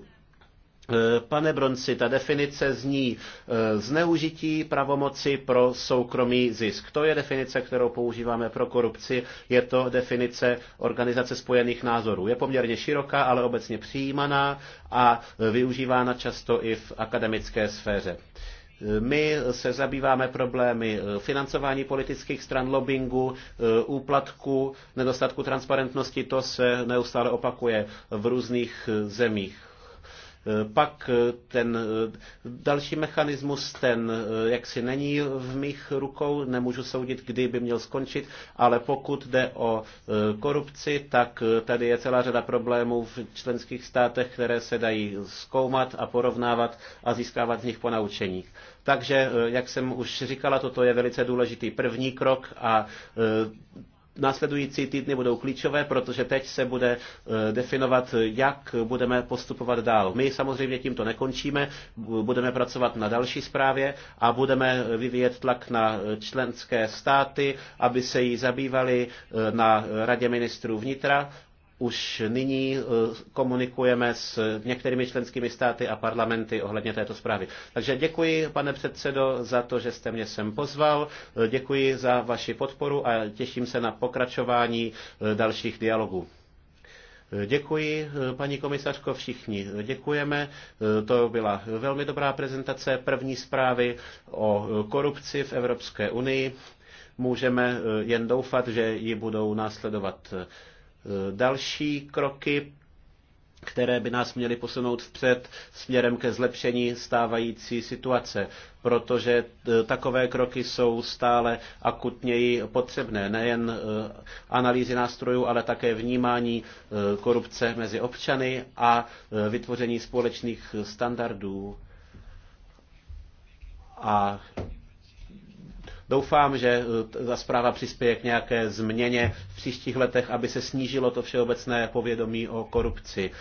Eh, pane Bronci, ta definice zní eh, zneužití pravomoci pro soukromý zisk. To je definice, kterou používáme pro korupci. Je to definice Organizace spojených názorů. Je poměrně široká, ale obecně přijímaná a eh, využívána často i v akademické sféře. My se zabýváme problémy financování politických stran, lobbingu, úplatku, nedostatku transparentnosti. To se neustále opakuje v různých zemích Eh, pak eh, ten eh, další mechanismus, ten jaksi není v mých rukou, nemůžu soudit, kdy by měl skončit, ale pokud jde o korupci, tak tady je celá řada problémů v členských státech, které se dají zkoumat a porovnávat a získávat z nich ponaučení. Takže, jak jsem už říkala, toto je velice důležitý první krok a následující týdny budou klíčové, protože teď se bude e, definovat, jak budeme postupovat dál. My samozřejmě tímto nekončíme, budeme pracovat na další zprávě a budeme vyvíjet tlak na členské státy, aby se jí zabývali e, na Radě ministrů vnitra už nyní eh, komunikujeme s některými členskými státy a parlamenty ohledně této zprávy. Takže děkuji, pane předsedo, za to, že jste mě sem pozval. Eh, děkuji za vaši podporu a těším se na pokračování eh, dalších dialogů. Děkuji, paní komisařko, všichni děkujeme. To byla velmi dobrá prezentace první zprávy o korupci v Evropské unii. Můžeme jen doufat, že ji budou následovat Další kroky které by nás měly posunout vpřed směrem ke zlepšení stávající situace, protože e, takové kroky jsou stále akutněji potřebné. Nejen e, analýzy nástrojů, ale také vnímání e, korupce mezi občany a vytvoření společných standardů a Doufám, že eh, ta zpráva přispěje k nějaké změně v příštích letech, aby se snížilo to všeobecné povědomí o korupci.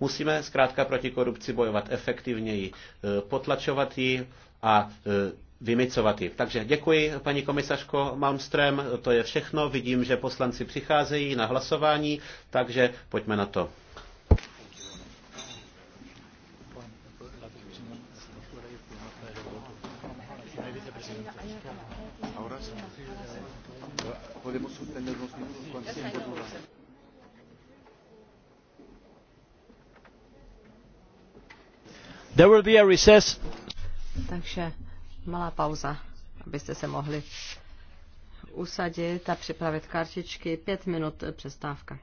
Musíme zkrátka proti korupci bojovat efektivněji, eh, potlačovat ji a eh, vymicovat ji. Takže děkuji, paní komisařko Malmström, to je všechno. Vidím, že poslanci přicházejí na hlasování, takže pojďme na to. There will be a recess. Takže malá pauza, abyste se mohli usadit a připravit kartičky. Pět minut přestávka.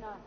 No.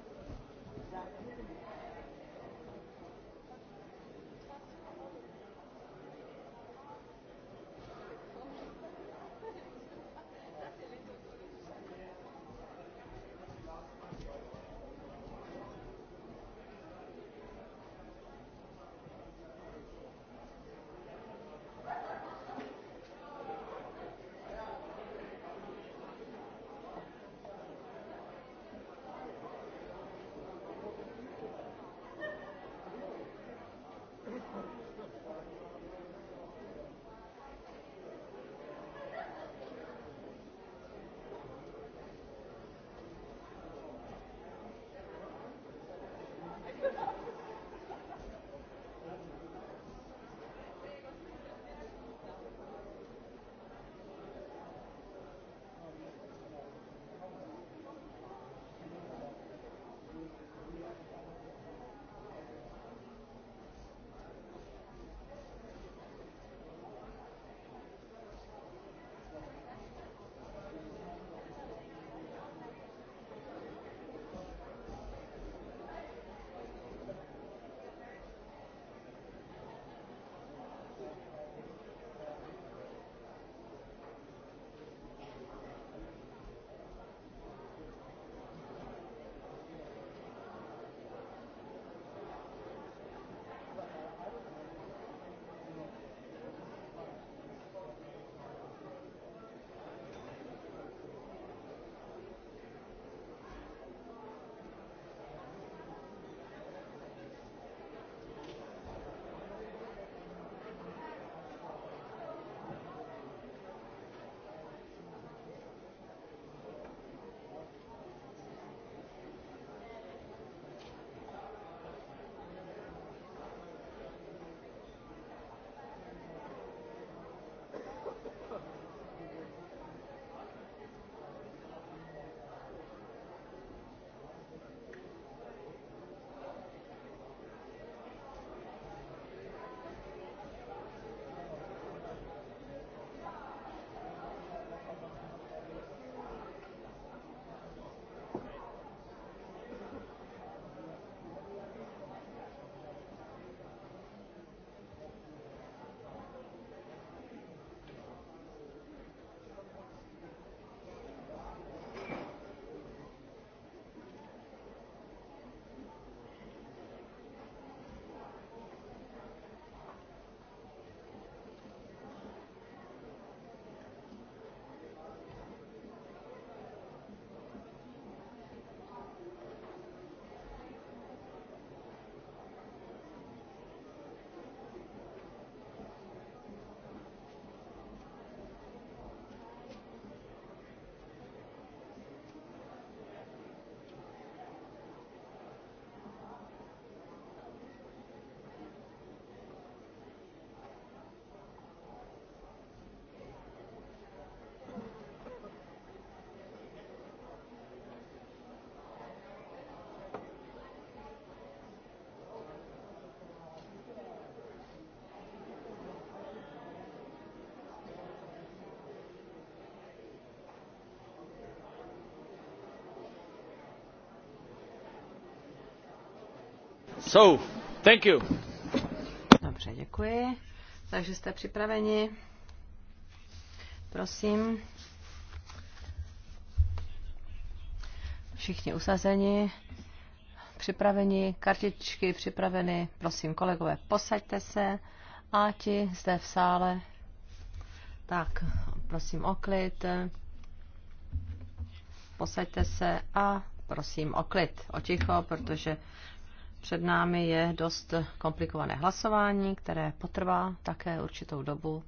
Dobře, děkuji. Takže jste připraveni. Prosím. Všichni usazeni, připraveni, kartičky připraveny. Prosím, kolegové, posaďte se a ti zde v sále. Tak, prosím o klid. Posaďte se a prosím o klid, o ticho, protože před námi je dost komplikované hlasování, které potrvá také určitou dobu.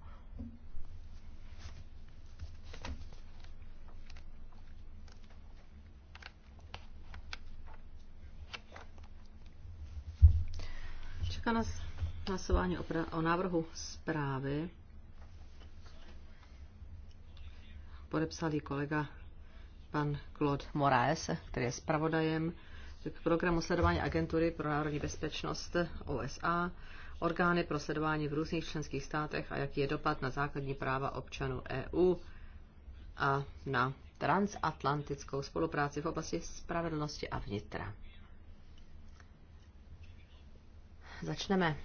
Čeká nás hlasování o, o návrhu zprávy. Podepsal kolega pan Claude Moraes, který je zpravodajem k programu sledování agentury pro národní bezpečnost OSA, orgány pro sledování v různých členských státech a jaký je dopad na základní práva občanů EU a na transatlantickou spolupráci v oblasti spravedlnosti a vnitra. Začneme.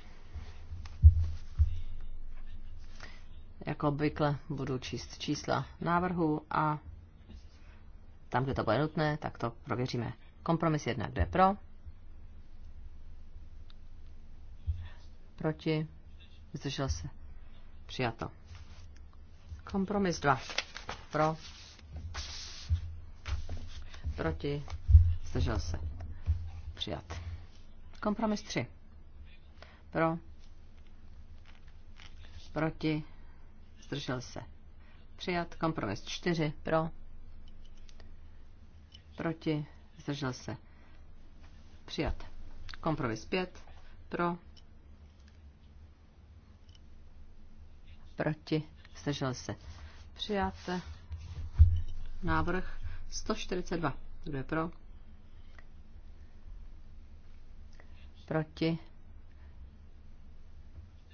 Jako obvykle budu číst čísla návrhu a tam, kde to bude nutné, tak to prověříme. Kompromis jedna, kdo je pro? Proti? Zdržel se. Přijato. Kompromis dva, Pro. Proti. Zdržel se. Přijat. Kompromis tři, Pro. Proti. Zdržel se. Přijat. Kompromis čtyři, Pro. Proti zdržel se. Přijat. Kompromis 5 pro, proti, zdržel se. Přijat. Návrh 142. Kdo je pro? Proti.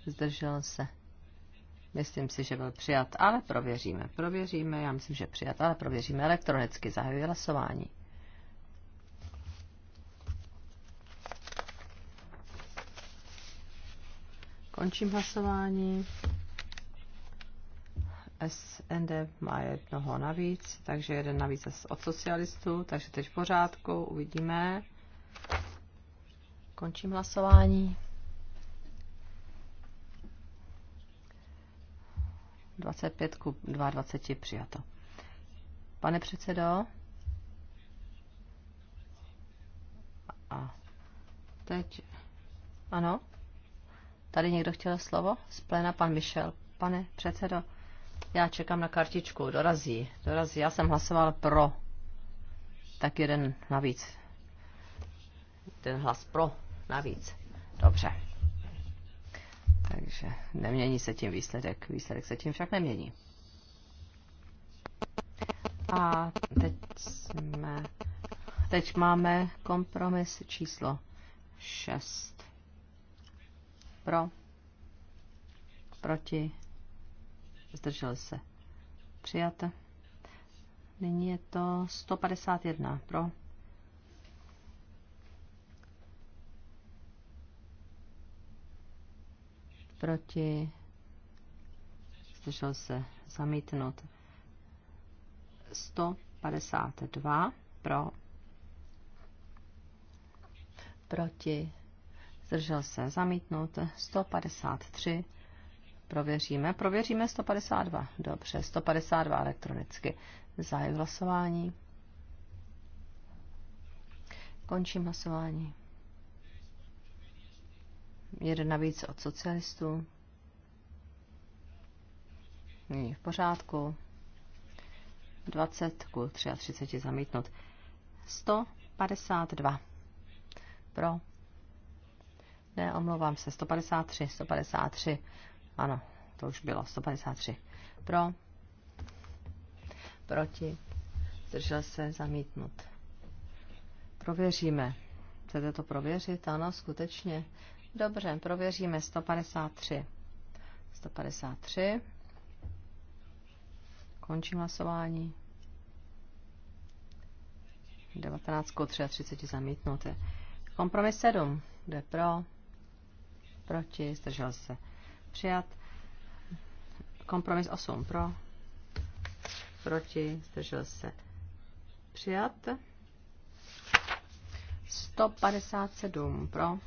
Zdržel se. Myslím si, že byl přijat, ale prověříme. Prověříme, já myslím, že přijat, ale prověříme elektronicky. Zahajuji hlasování. Končím hlasování. SND má jednoho navíc, takže jeden navíc od socialistů, takže teď v pořádku, uvidíme. Končím hlasování. 25 ku 22 přijato. Pane předsedo? A teď? Ano? Tady někdo chtěl slovo? Z pléna pan Michel. Pane předsedo, já čekám na kartičku. Dorazí, dorazí. Já jsem hlasoval pro. Tak jeden navíc. Ten hlas pro navíc. Dobře. Takže nemění se tím výsledek. Výsledek se tím však nemění. A teď jsme... Teď máme kompromis číslo 6. Pro. Proti. Zdržel se. Přijat. Nyní je to 151. Pro. Proti. Zdržel se. Zamítnut. 152. Pro. Proti zdržel se zamítnout, 153, prověříme, prověříme 152, dobře, 152 elektronicky, zahajuji hlasování, končím hlasování, jeden navíc od socialistů, není v pořádku, 20 ku 33 zamítnout, 152 pro, ne, omlouvám se, 153, 153. Ano, to už bylo, 153. Pro, proti, zdržel se, zamítnut. Prověříme. Chcete to prověřit? Ano, skutečně. Dobře, prověříme 153. 153. Končím hlasování. 19 33 zamítnuté. Kompromis 7. Jde pro proti, zdržel se přijat. Kompromis 8 pro, proti, zdržel se přijat. 157 pro,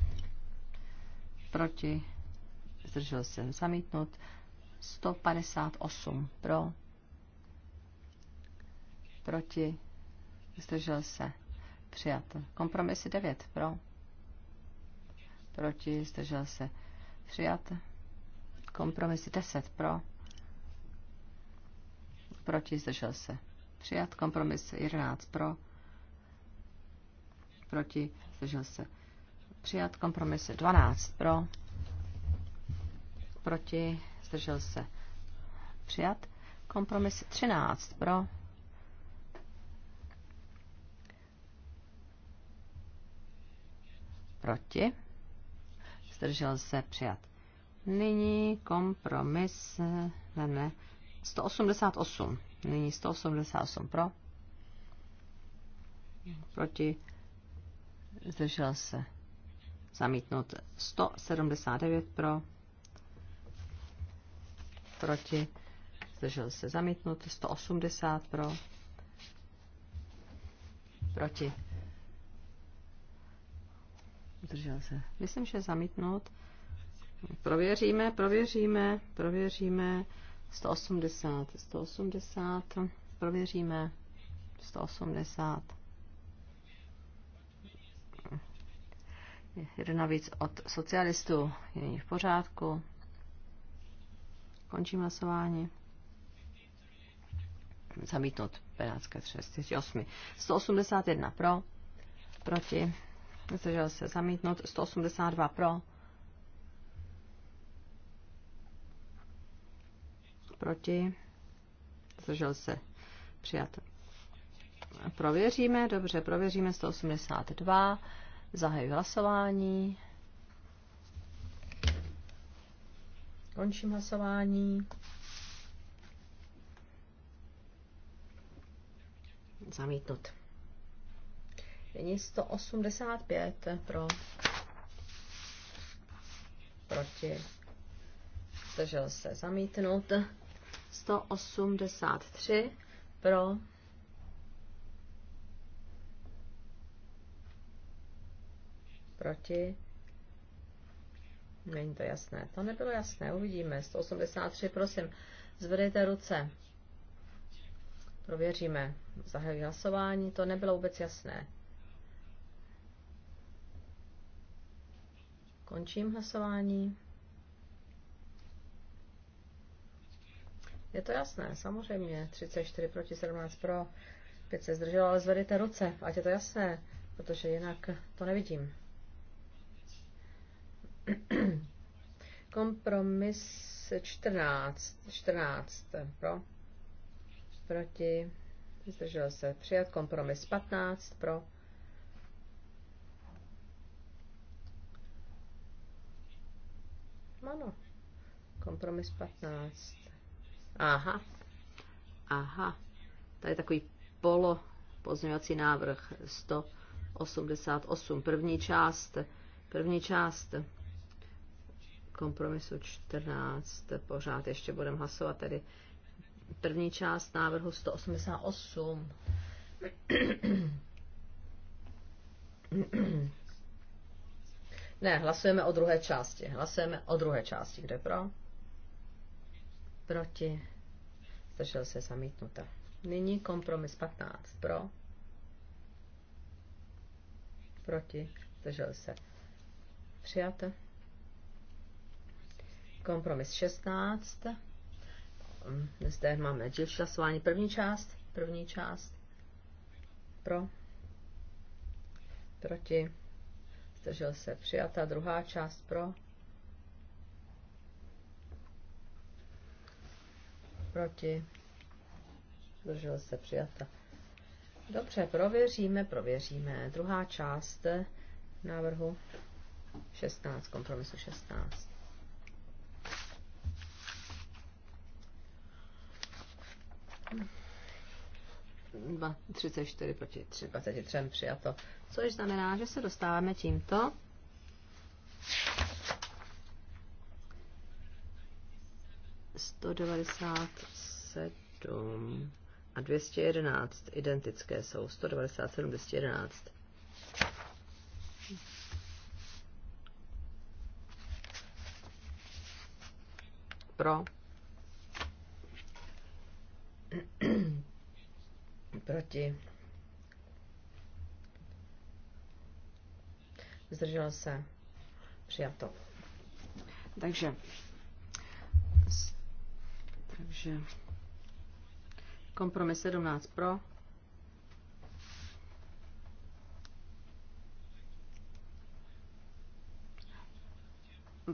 proti, zdržel se zamítnut. 158 pro, proti, zdržel se přijat. Kompromis 9 pro, proti, zdržel se přijat. Kompromis 10 pro, proti, zdržel se přijat. Kompromis 11 pro, proti, zdržel se přijat. Kompromis 12 pro, proti, zdržel se přijat. Kompromis 13 pro, proti zdržel se přijat. Nyní kompromis, ne, ne, 188. Nyní 188 pro. Proti. Zdržel se. Zamítnout 179 pro. Proti. Zdržel se. Zamítnout 180 pro. Proti zdržel se. Myslím, že zamítnout. Prověříme, prověříme, prověříme. 180, 180, prověříme. 180. Jeden navíc od socialistů je v pořádku. Končím hlasování. Zamítnout Benátské 68. 181 pro, proti zdržel se zamítnut, 182 pro, proti, zdržel se přijat. Prověříme, dobře, prověříme 182, zahajuji hlasování. Končím hlasování. Zamítnut. Nyní 185 pro, proti, zdržel se zamítnout. 183 pro, proti, Není to jasné. To nebylo jasné, uvidíme. 183, prosím, zvedejte ruce. Prověříme. Zahajuji hlasování, to nebylo vůbec jasné. Končím hlasování. Je to jasné, samozřejmě. 34 proti 17 pro. 5 se zdrželo, ale zvedejte ruce, ať je to jasné, protože jinak to nevidím. Kompromis 14. 14 pro. Proti. Zdržel se přijat. Kompromis 15 pro Ano. Kompromis 15. Aha. Aha. Tady je takový polo pozměňovací návrh 188. První část. První část kompromisu 14. Pořád ještě budeme hlasovat tedy první část návrhu 188. Ne, hlasujeme o druhé části. Hlasujeme o druhé části. Kde pro? Proti. Zdržel se zamítnuta. Nyní kompromis 15. Pro. Proti. Zdržel se. Přijat. Kompromis 16. Mm, zde máme dílčí hlasování. První část. První část. Pro. Proti zdržel se přijata, druhá část pro, proti, zdržel se přijata. Dobře, prověříme, prověříme. Druhá část návrhu 16, kompromisu 16. Hmm. 34 proti 23 přijato, což znamená, že se dostáváme tímto Sto devadesát sedm a 211 identické jsou. 197, 211. Pro. Proti. Zdržel se. Přijato. Takže. Takže. Kompromis 17 pro.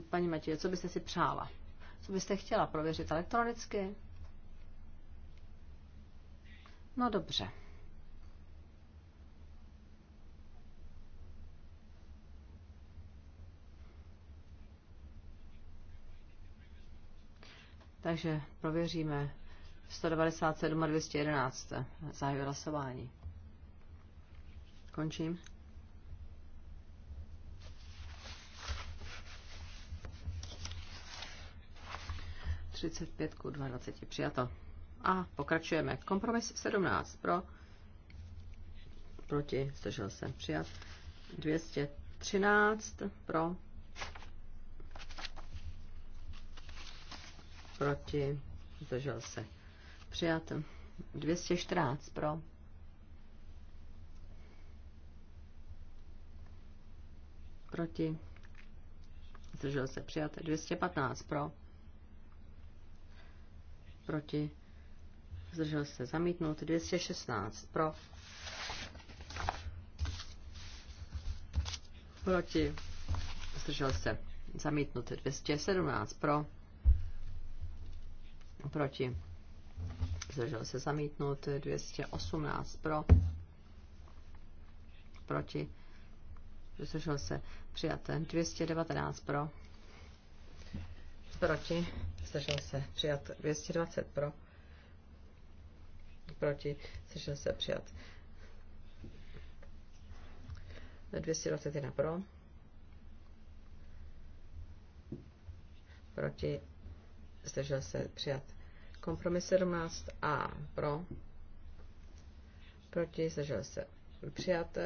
Paní Matěje, co byste si přála? Co byste chtěla prověřit elektronicky? No dobře. Takže prověříme 197 a 211. Zahajuji hlasování. Končím. Třicet pětku, dva přijato. A pokračujeme. Kompromis 17 pro, proti, zdržel jsem přijat. 213 pro, proti, zdržel se, přijat. 214 pro, proti, zdržel se, přijat. 215 pro, proti, zdržel se zamítnut, 216 pro, proti, zdržel se zamítnut, 217 pro, proti, zdržel se zamítnut, 218 pro, proti, zdržel se přijaté, 219 pro, proti, zdržel se přijat 220 pro, proti, zdržel se přijat. 221 pro, proti, zdržel se přijat. Kompromis 17a pro, proti, zdržel se přijat.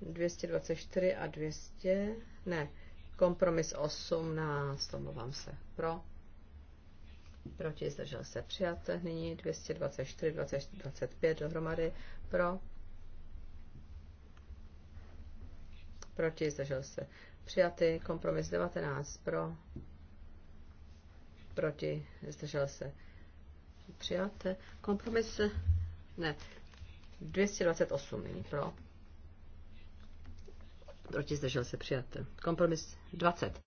224 a 200, ne, kompromis 18, omlouvám se, pro, proti, zdržel se přijat. Nyní 224, 25 dohromady pro, proti, zdržel se přijatý. Kompromis 19 pro, proti, zdržel se přijat. Kompromis, ne, 228 nyní pro, proti, zdržel se přijat. Kompromis 20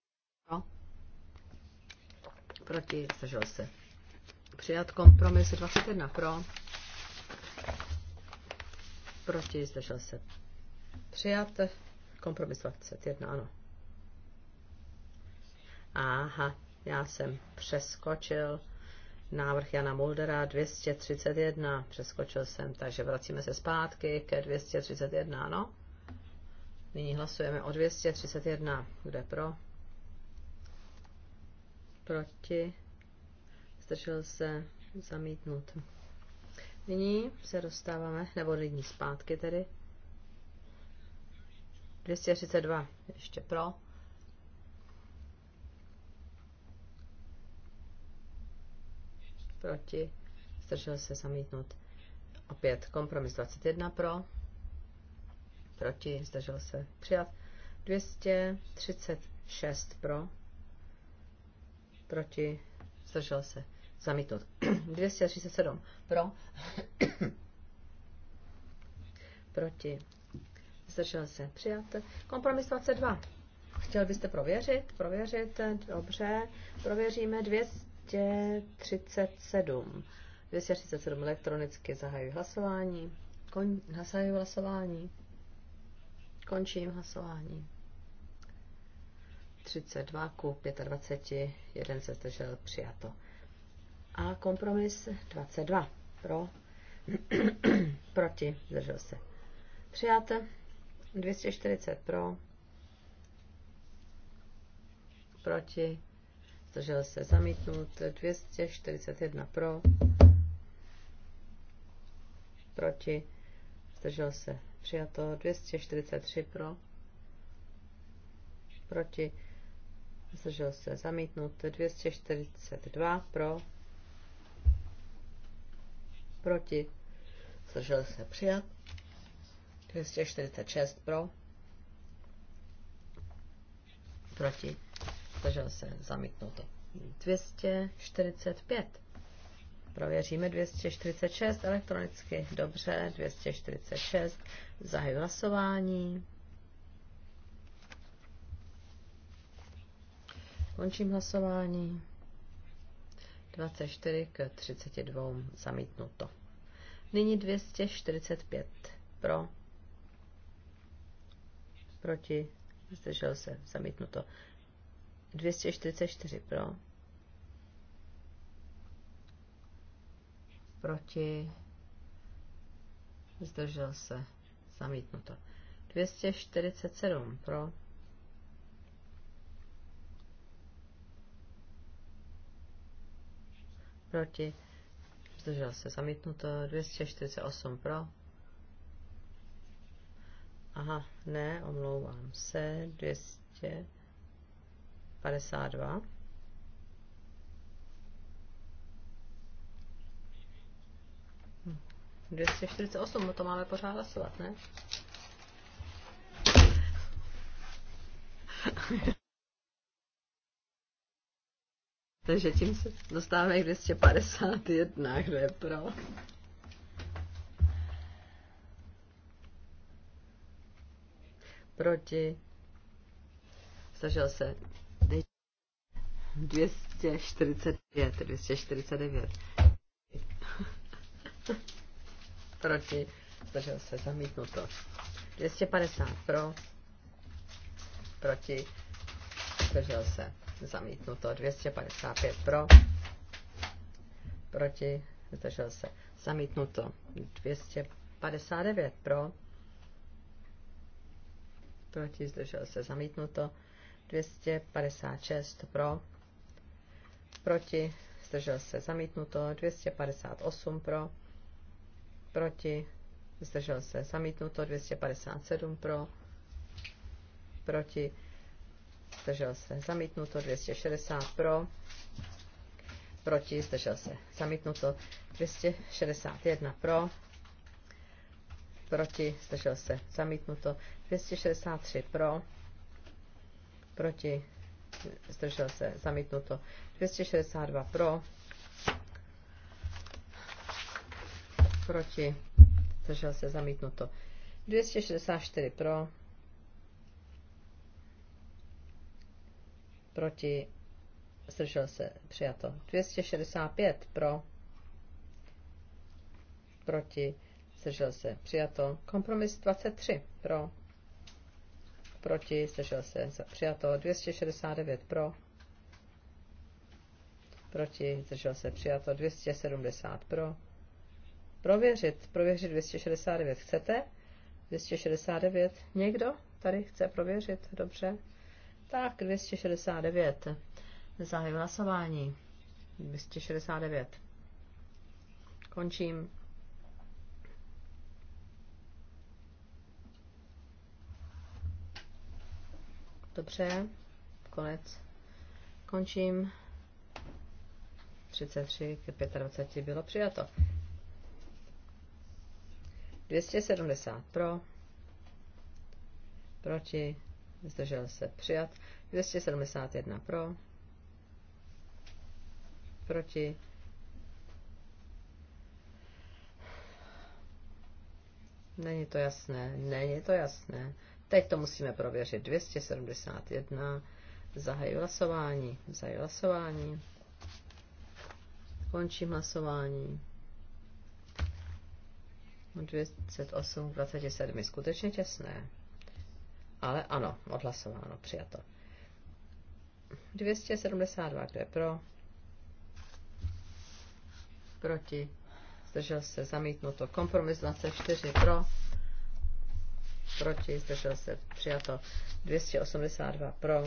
proti, zdržel se. Přijat kompromis 21 pro, proti, zdržel se. Přijat kompromis 21, ano. Aha, já jsem přeskočil návrh Jana Muldera 231, přeskočil jsem, takže vracíme se zpátky ke 231, ano. Nyní hlasujeme o 231, kde pro, proti, zdržel se, zamítnut. Nyní se dostáváme, nebo nyní zpátky tedy. 232, ještě pro. Proti, zdržel se, zamítnut. Opět kompromis 21 pro, proti, zdržel se, přijat. 236 pro, proti, zdržel se, zamítnout. 237 pro, proti, zdržel se, přijat. Kompromis 22. Chtěl byste prověřit? Prověřit, dobře. Prověříme 237. 237 elektronicky zahajuji hlasování. Kon, zahajuji hlasování. Končím hlasování. 32 ku 25, jeden se zdržel přijato. A kompromis 22 pro, proti, zdržel se. Přijat 240 pro, proti, zdržel se zamítnut, 241 pro, proti, zdržel se přijato, 243 pro, proti, zdržel se zamítnut 242 pro, proti, zdržel se přijat 246 pro, proti, zdržel se zamítnuto 245. Prověříme 246 elektronicky. Dobře, 246. Zahajuji hlasování. Končím hlasování. 24 k 32 zamítnuto. Nyní 245 pro, proti, zdržel se, zamítnuto. 244 pro, proti, zdržel se, zamítnuto. 247 pro, proti, zdržel se zamítnuto, 248 pro. Aha, ne, omlouvám se, 252. Hm. 248, no to máme pořád hlasovat, ne? Takže tím se dostáváme k 251, kdo je pro. Proti. Stažil se. 245, 249. Proti. Zdržel se, zamítnuto. 250 pro. Proti. Zdržel se zamítnuto 255 pro, proti, zdržel se, zamítnuto 259 pro, proti, zdržel se, zamítnuto 256 pro, proti, zdržel se, zamítnuto 258 pro, proti, zdržel se, zamítnuto 257 pro, proti, zdržel se, zamítnuto, 260 pro, proti, zdržel se, zamítnuto, 261 pro, proti, zdržel se, zamítnuto, 263 pro, proti, zdržel se, zamítnuto, 262 pro, proti, zdržel se, zamítnuto, 264 pro, proti, zdržel se, přijato. 265 pro, proti, zdržel se, přijato. Kompromis 23 pro, proti, zdržel se, přijato. 269 pro, proti, zdržel se, přijato. 270 pro, prověřit, prověřit 269. Chcete? 269. Někdo tady chce prověřit? Dobře. Tak 269. Zahajuji hlasování. 269. Končím. Dobře, konec. Končím. 33 k 25 bylo přijato. 270 pro, proti, zdržel se přijat. 271 pro, proti, Není to jasné, není to jasné. Teď to musíme prověřit. 271. Zahají hlasování. zahají hlasování. Končím hlasování. 208 27. Skutečně těsné ale ano, odhlasováno, přijato. 272, kdo je pro? Proti? Zdržel se, zamítnuto. Kompromis 24, pro? Proti? Zdržel se, přijato. 282, pro?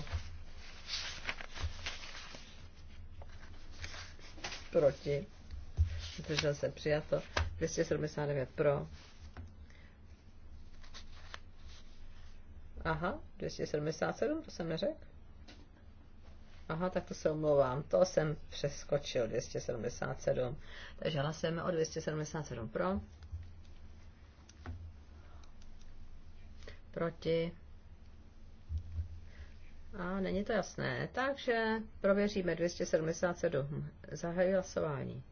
Proti? Zdržel se, přijato. 279, pro? Aha, 277, to jsem neřekl. Aha, tak to se omlouvám, to jsem přeskočil, 277. Takže hlasujeme o 277 pro. Proti. A není to jasné, takže prověříme 277. Zahajuji hlasování.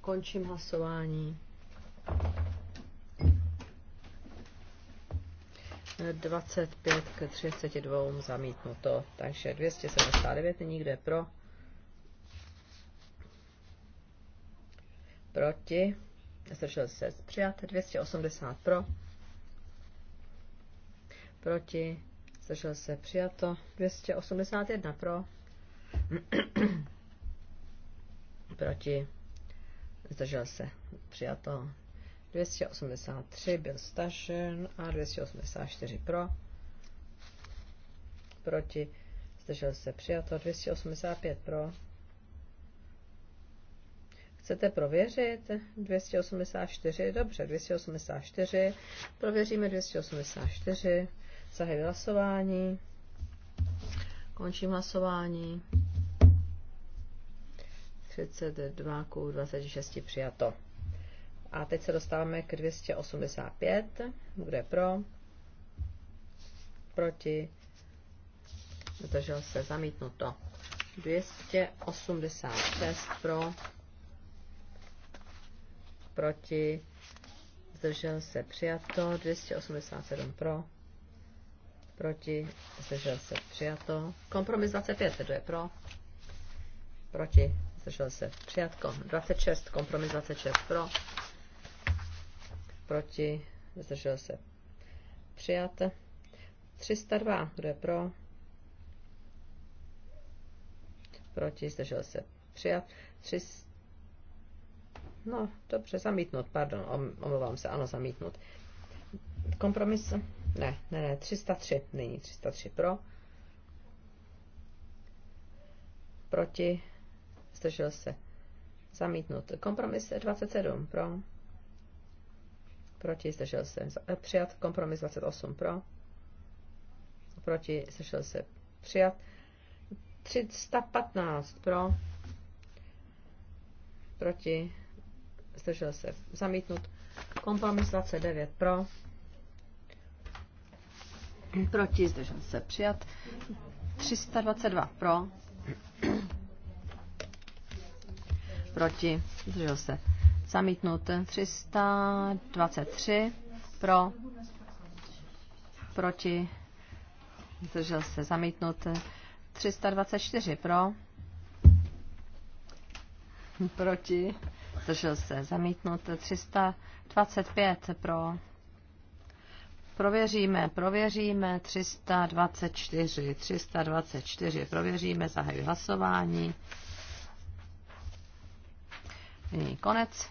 Končím hlasování. 25 k 32 zamítnuto, takže 279 není kde pro, proti, zdržel se přijat, 280 pro, proti, zdržel se přijato, 281 pro, proti, zdržel se přijato, 283 byl stažen a 284 pro. Proti. Zdržel se přijato. 285 pro. Chcete prověřit? 284, dobře, 284. Prověříme 284. Zahajuji hlasování. Končím hlasování. 32 ku 26 přijato. A teď se dostáváme k 285. Kdo je pro? Proti? Zdržel se zamítnuto. 286 pro. Proti? Zdržel se přijato. 287 pro. Proti? Zdržel se přijato. Kompromis 25. Kdo je pro? Proti? Zdržel se přijatko. 26. Kompromis 26 pro proti, zdržel se přijat. 302, kdo je pro, proti, zdržel se přijat. 300, no, dobře, zamítnut, pardon, omlouvám se, ano, zamítnut. Kompromis, ne, ne, ne, 303, není 303 pro, proti, zdržel se zamítnut. Kompromis 27 pro, proti, zdržel se přijat, kompromis 28 pro, proti, zdržel se přijat, 315 pro, proti, zdržel se zamítnut, kompromis 29 pro, proti, zdržel se přijat, 322 pro, proti, zdržel se Zamítnut 323 pro, proti, zdržel se zamítnut 324 pro, proti, zdržel se zamítnut 325 pro, prověříme, prověříme 324, 324, prověříme, zahajuji hlasování. Nyní konec.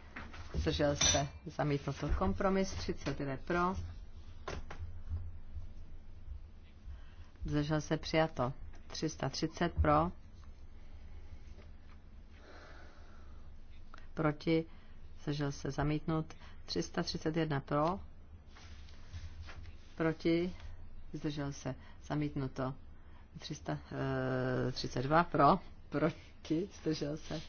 zdržel se, zamítnuto. Kompromis 39 pro, zdržel se, přijato. 330 pro, proti, zdržel se, zamítnut. 331 pro, proti, zdržel se, zamítnuto. 332 eh, pro, proti, zdržel se.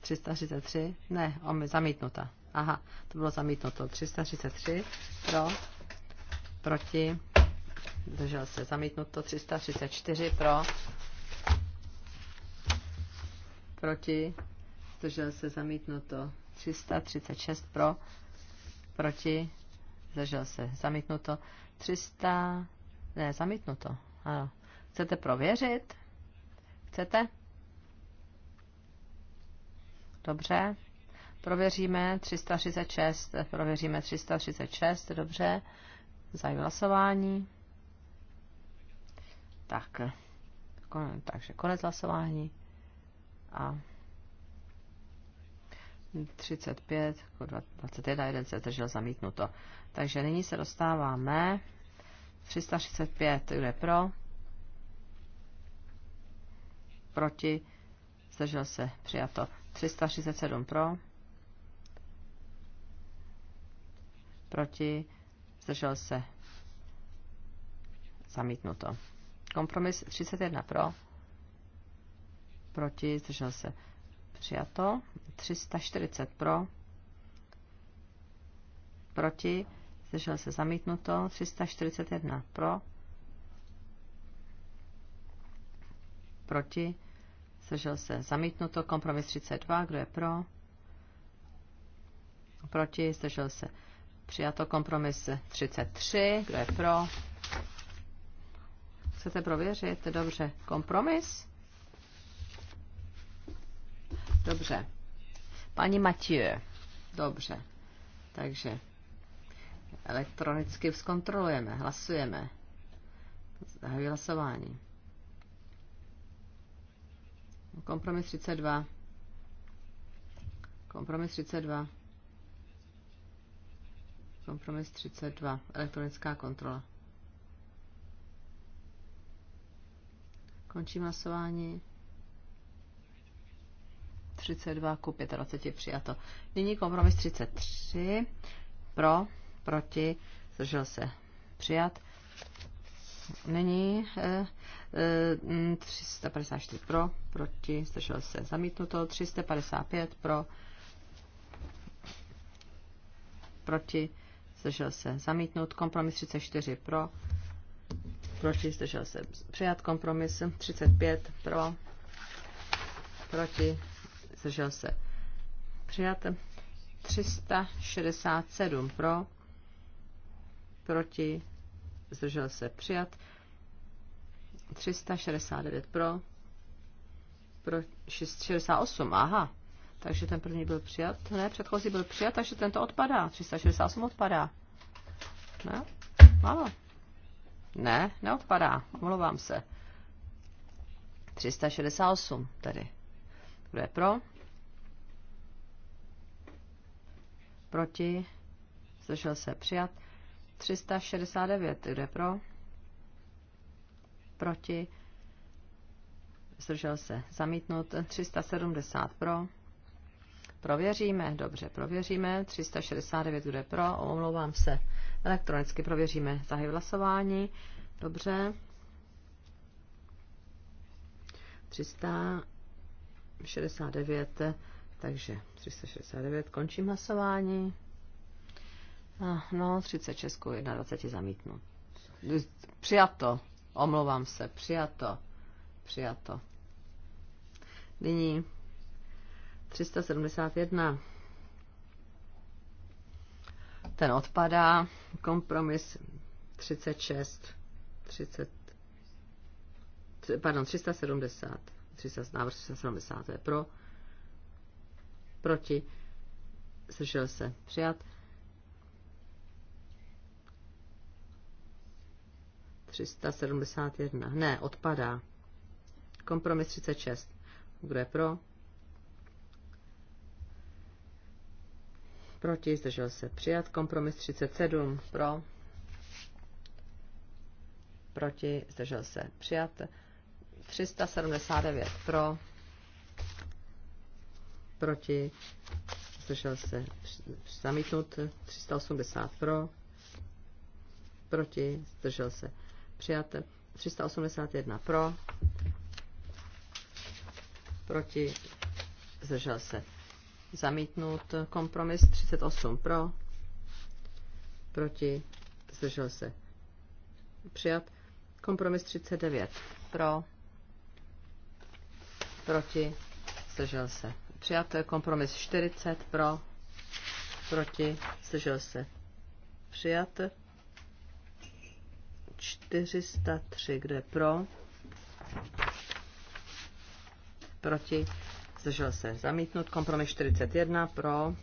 333, ne, zamítnuta. Aha, to bylo zamítnuto. 333 pro, proti, držel se zamítnuto. 334 pro, proti, držel se zamítnuto. 336 pro, proti, držel se zamítnuto. 300, ne, zamítnuto, ano. Chcete prověřit? Chcete? Dobře, Prověříme 336, prověříme 336, dobře. za hlasování. Tak, kon, takže konec hlasování. A 35, 21, 1 se zdržel zamítnuto. Takže nyní se dostáváme 335, kdo je pro? Proti, zdržel se, přijato. 337 pro, proti, zdržel se, zamítnuto. Kompromis 31 pro, proti, zdržel se, přijato. 340 pro, proti, zdržel se, zamítnuto. 341 pro, proti, zdržel se, zamítnuto. Kompromis 32, kdo je pro, proti, zdržel se, Přijato kompromis 33. Kdo je pro? Chcete prověřit? Dobře. Kompromis? Dobře. Paní Matěje. Dobře. Takže elektronicky zkontrolujeme, hlasujeme. Zahajuji hlasování. Kompromis 32. Kompromis 32. Kompromis 32. Elektronická kontrola. končí hlasování. 32 ku 25 přijato. Nyní kompromis 33. Pro, proti, zdržel se přijat. Nyní eh, eh, 354 pro, proti, zdržel se zamítnuto, 355 pro, proti, zdržel se zamítnut, kompromis 34 pro, proti, zdržel se přijat, kompromis 35 pro, proti, zdržel se přijat, 367 pro, proti, zdržel se přijat, 369 pro, pro 68, aha, takže ten první byl přijat. Ne, předchozí byl přijat, takže tento odpadá. 368 odpadá. Ne? Málo? Ne, neodpadá. Omlouvám se. 368 tedy. Kdo je pro? Proti? Zdržel se přijat. 369. Kdo je pro? Proti? Zdržel se zamítnut. 370 pro Prověříme, dobře, prověříme. 369, bude pro, omlouvám se. Elektronicky prověříme zahy hlasování. Dobře. 369, takže 369, končím hlasování. No, 36 21 zamítnu. Přijato, omlouvám se, přijato, přijato. Nyní 371. Ten odpadá. Kompromis 36. 30, pardon, 370. 300, návrh 370 je pro. Proti. Slyšel se. Přijat. 371. Ne, odpadá. Kompromis 36. Kdo je pro? proti, zdržel se přijat. Kompromis 37 pro, proti, zdržel se přijat. 379 pro, proti, zdržel se zamítnut. 380 pro, proti, zdržel se přijat. 381 pro, proti, zdržel se zamítnut kompromis 38 pro, proti, zdržel se přijat. Kompromis 39 pro, proti, zdržel se přijat. Kompromis 40 pro, proti, zdržel se přijat. 403, kde pro, proti, zdržel se zamítnut. Kompromis 41 pro,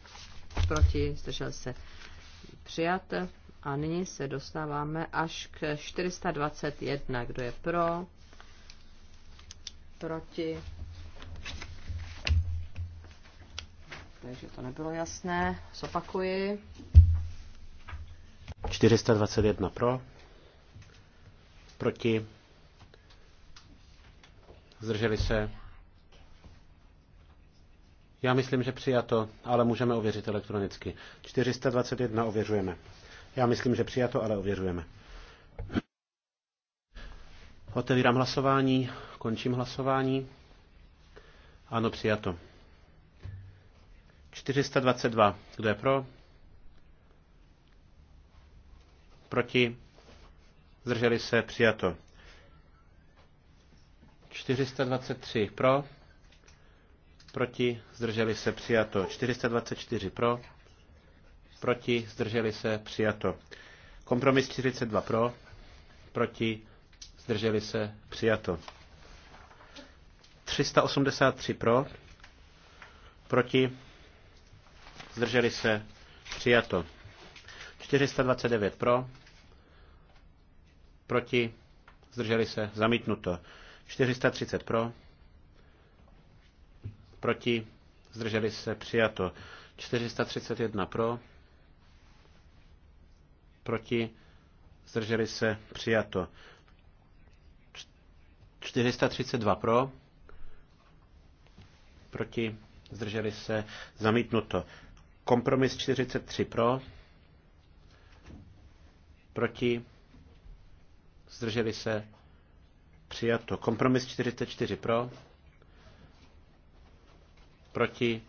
proti, zdržel se přijat. A nyní se dostáváme až k 421. Kdo je pro? Proti? Takže to nebylo jasné. Zopakuji. 421 pro. Proti? Zdrželi se? Já myslím, že přijato, ale můžeme ověřit elektronicky. 421 ověřujeme. Já myslím, že přijato, ale ověřujeme. Otevírám hlasování, končím hlasování. Ano, přijato. 422. Kdo je pro? Proti? Zdrželi se? Přijato. 423. Pro? proti, zdrželi se, přijato. 424 pro, proti, zdrželi se, přijato. Kompromis 42 pro, proti, zdrželi se, přijato. 383 pro, proti, zdrželi se, přijato. 429 pro, proti, zdrželi se, zamítnuto. 430 pro, proti, zdrželi se, přijato. 431 pro, proti, zdrželi se, přijato. 432 pro, proti, zdrželi se, zamítnuto. Kompromis 43 pro, proti, zdrželi se, přijato. Kompromis 44 pro, proti,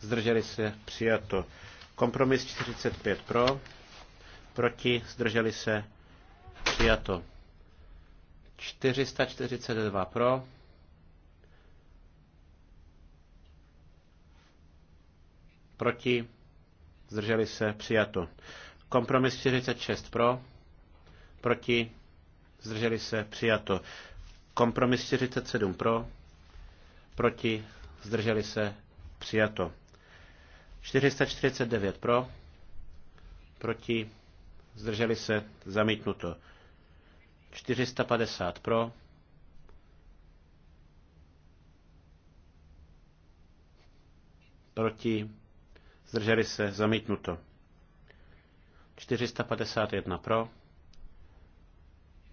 zdrželi se, přijato. Kompromis 45 pro, proti, zdrželi se, přijato. 442 pro, proti, zdrželi se, přijato. Kompromis 46 pro, proti, zdrželi se, přijato. Kompromis 47 pro, proti, zdrželi se, přijato. 449 pro, proti, zdrželi se, zamítnuto. 450 pro, proti, zdrželi se, zamítnuto. 451 pro,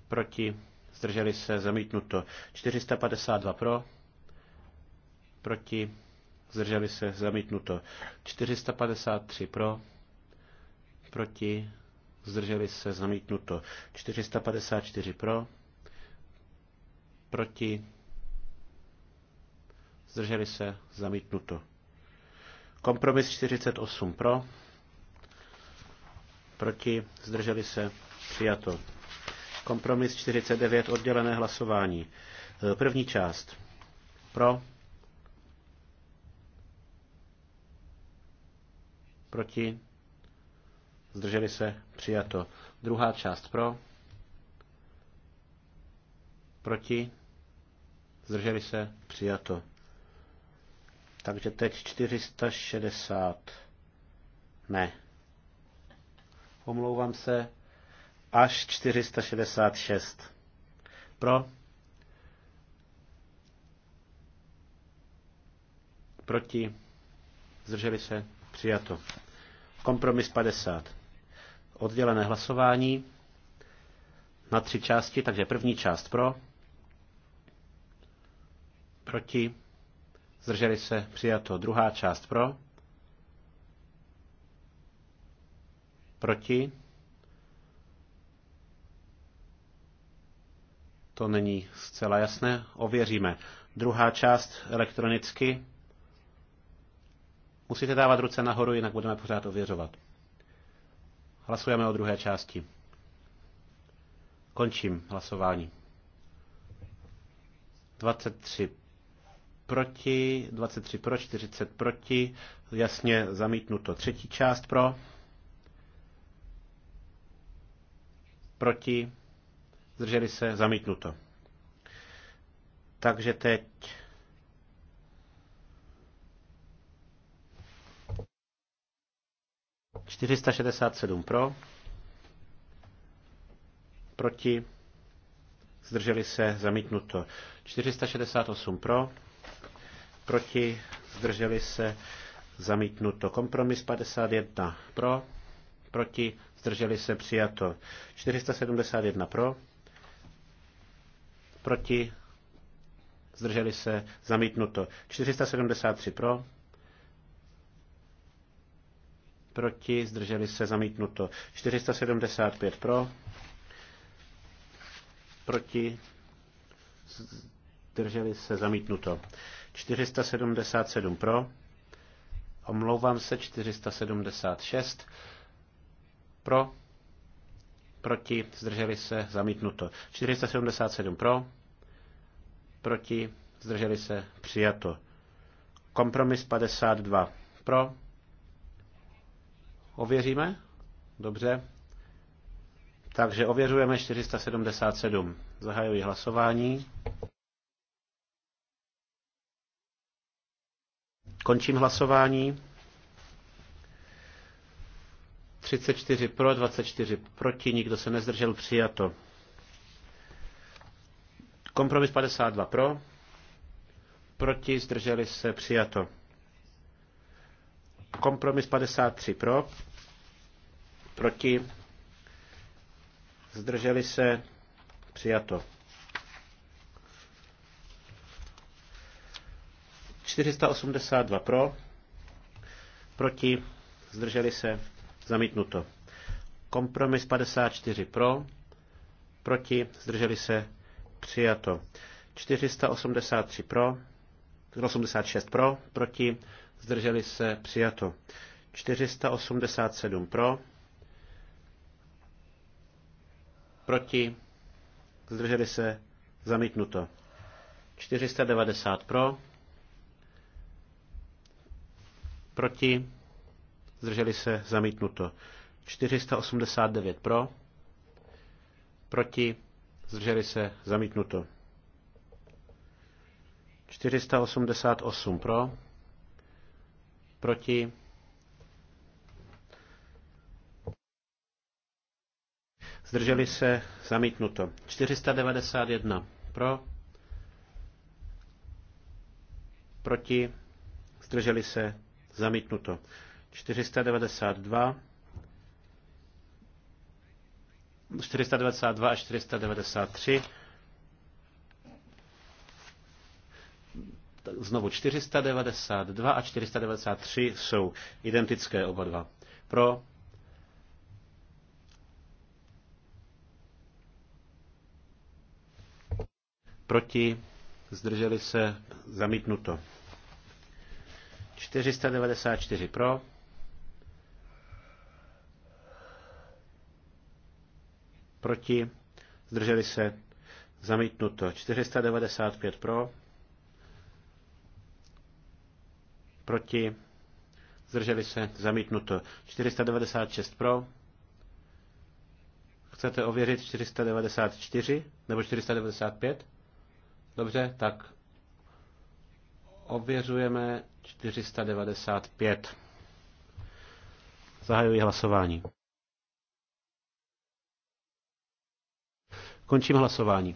proti, zdrželi se, zamítnuto. 452 pro, proti, zdrželi se, zamítnuto. 453 pro, proti, zdrželi se, zamítnuto. 454 pro, proti, zdrželi se, zamítnuto. Kompromis 48 pro, proti, zdrželi se, přijato. Kompromis 49, oddělené hlasování. První část. Pro, Proti? Zdrželi se? Přijato. Druhá část pro? Proti? Zdrželi se? Přijato. Takže teď 460. Ne. Omlouvám se. Až 466. Pro? Proti? Zdrželi se? Přijato. Kompromis 50. Oddělené hlasování na tři části, takže první část pro, proti, zdrželi se, přijato. Druhá část pro, proti, to není zcela jasné, ověříme. Druhá část elektronicky, Musíte dávat ruce nahoru, jinak budeme pořád ověřovat. Hlasujeme o druhé části. Končím hlasování. 23 proti, 23 pro, 40 proti, jasně zamítnuto. Třetí část pro, proti, zdrželi se, zamítnuto. Takže teď 467 pro, proti, zdrželi se, zamítnuto. 468 pro, proti, zdrželi se, zamítnuto. Kompromis 51 pro, proti, zdrželi se, přijato. 471 pro, proti, zdrželi se, zamítnuto. 473 pro, proti, zdrželi se zamítnuto. 475 pro, proti, zdrželi se zamítnuto. 477 pro, omlouvám se, 476 pro, proti, zdrželi se zamítnuto. 477 pro, proti, zdrželi se přijato. Kompromis 52 pro, Ověříme? Dobře. Takže ověřujeme 477. Zahajuji hlasování. Končím hlasování. 34 pro, 24 proti, nikdo se nezdržel, přijato. Kompromis 52 pro, proti, zdrželi se, přijato. Kompromis 53 pro, proti, zdrželi se, přijato. 482 pro, proti, zdrželi se, zamítnuto. Kompromis 54 pro, proti, zdrželi se, přijato. 483 pro, 86 pro, proti, zdrželi se, přijato. 487 pro, proti, zdrželi se, zamítnuto. 490 pro, proti, zdrželi se, zamítnuto. 489 pro, proti, zdrželi se, zamítnuto. 488 pro, Proti? Zdrželi se? Zamítnuto. 491. Pro? Proti? Zdrželi se? Zamítnuto. 492. 492 a 493 Znovu 492 a 493 jsou identické oba dva. Pro proti, zdrželi se, zamítnuto. 494 pro, proti, zdrželi se, zamítnuto. 495 pro, proti, zdrželi se, zamítnuto. 496 pro, chcete ověřit 494 nebo 495? Dobře, tak ověřujeme 495. Zahajuji hlasování. Končím hlasování.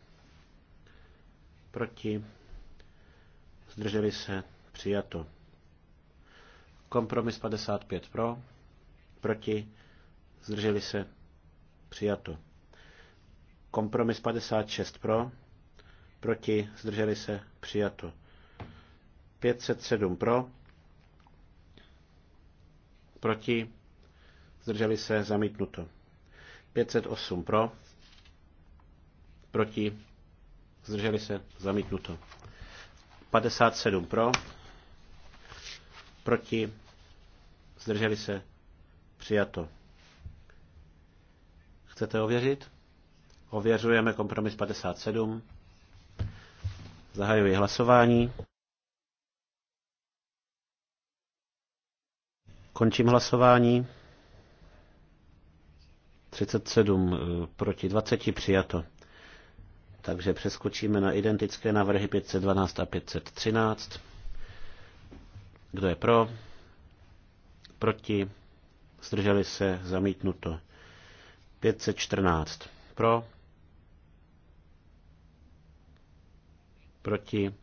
proti, zdrželi se, přijato. Kompromis 55 pro, proti, zdrželi se, přijato. Kompromis 56 pro, proti, zdrželi se, přijato. 507 pro, proti, zdrželi se, zamítnuto. 508 pro, proti, Zdrželi se? Zamítnuto. 57 pro. Proti? Zdrželi se? Přijato. Chcete ověřit? Ověřujeme kompromis 57. Zahajuji hlasování. Končím hlasování. 37 eh, proti 20 přijato. Takže přeskočíme na identické návrhy 512 a 513. Kdo je pro? Proti? Zdrželi se? Zamítnuto. 514. Pro? Proti?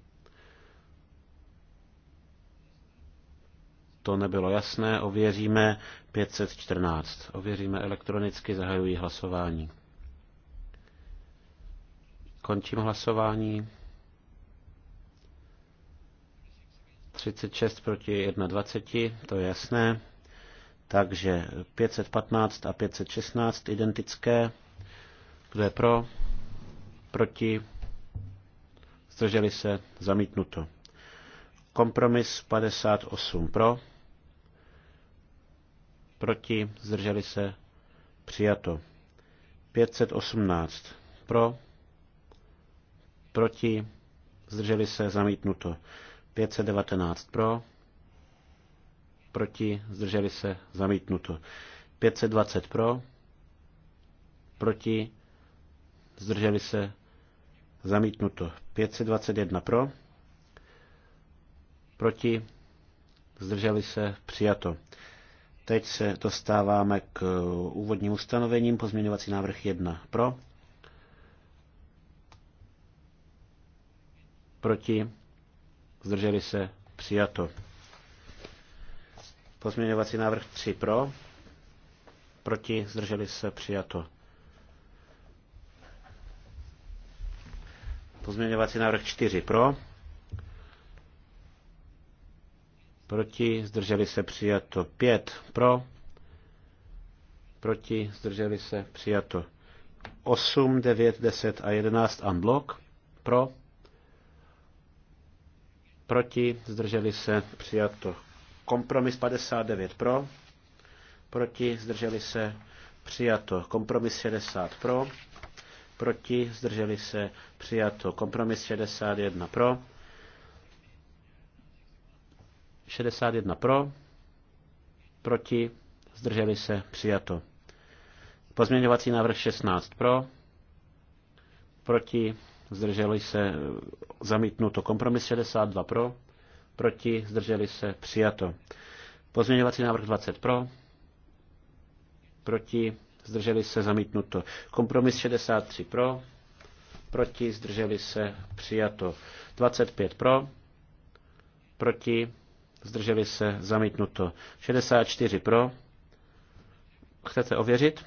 To nebylo jasné. Ověříme 514. Ověříme elektronicky, zahajují hlasování. Končím hlasování. 36 proti 21, to je jasné. Takže 515 a 516 identické. Kdo je pro? Proti? Zdrželi se? Zamítnuto. Kompromis 58 pro. Proti? Zdrželi se? Přijato. 518 pro proti, zdrželi se, zamítnuto. 519 pro, proti, zdrželi se, zamítnuto. 520 pro, proti, zdrželi se, zamítnuto. 521 pro, proti, zdrželi se, přijato. Teď se dostáváme k úvodním ustanovením. Pozměňovací návrh 1 pro, proti, zdrželi se, přijato. Pozměňovací návrh 3 pro, proti, zdrželi se, přijato. Pozměňovací návrh 4 pro, proti, zdrželi se, přijato. 5 pro, proti, zdrželi se, přijato. 8, 9, 10 a 11 unblock pro, proti, zdrželi se, přijato. Kompromis 59 pro, proti, zdrželi se, přijato. Kompromis 60 pro, proti, zdrželi se, přijato. Kompromis 61 pro, 61 pro, proti, zdrželi se, přijato. Pozměňovací návrh 16 pro, proti, zdrželi se zamítnuto. Kompromis 62 pro, proti, zdrželi se přijato. Pozměňovací návrh 20 pro, proti, zdrželi se zamítnuto. Kompromis 63 pro, proti, zdrželi se přijato. 25 pro, proti, zdrželi se zamítnuto. 64 pro, chcete ověřit?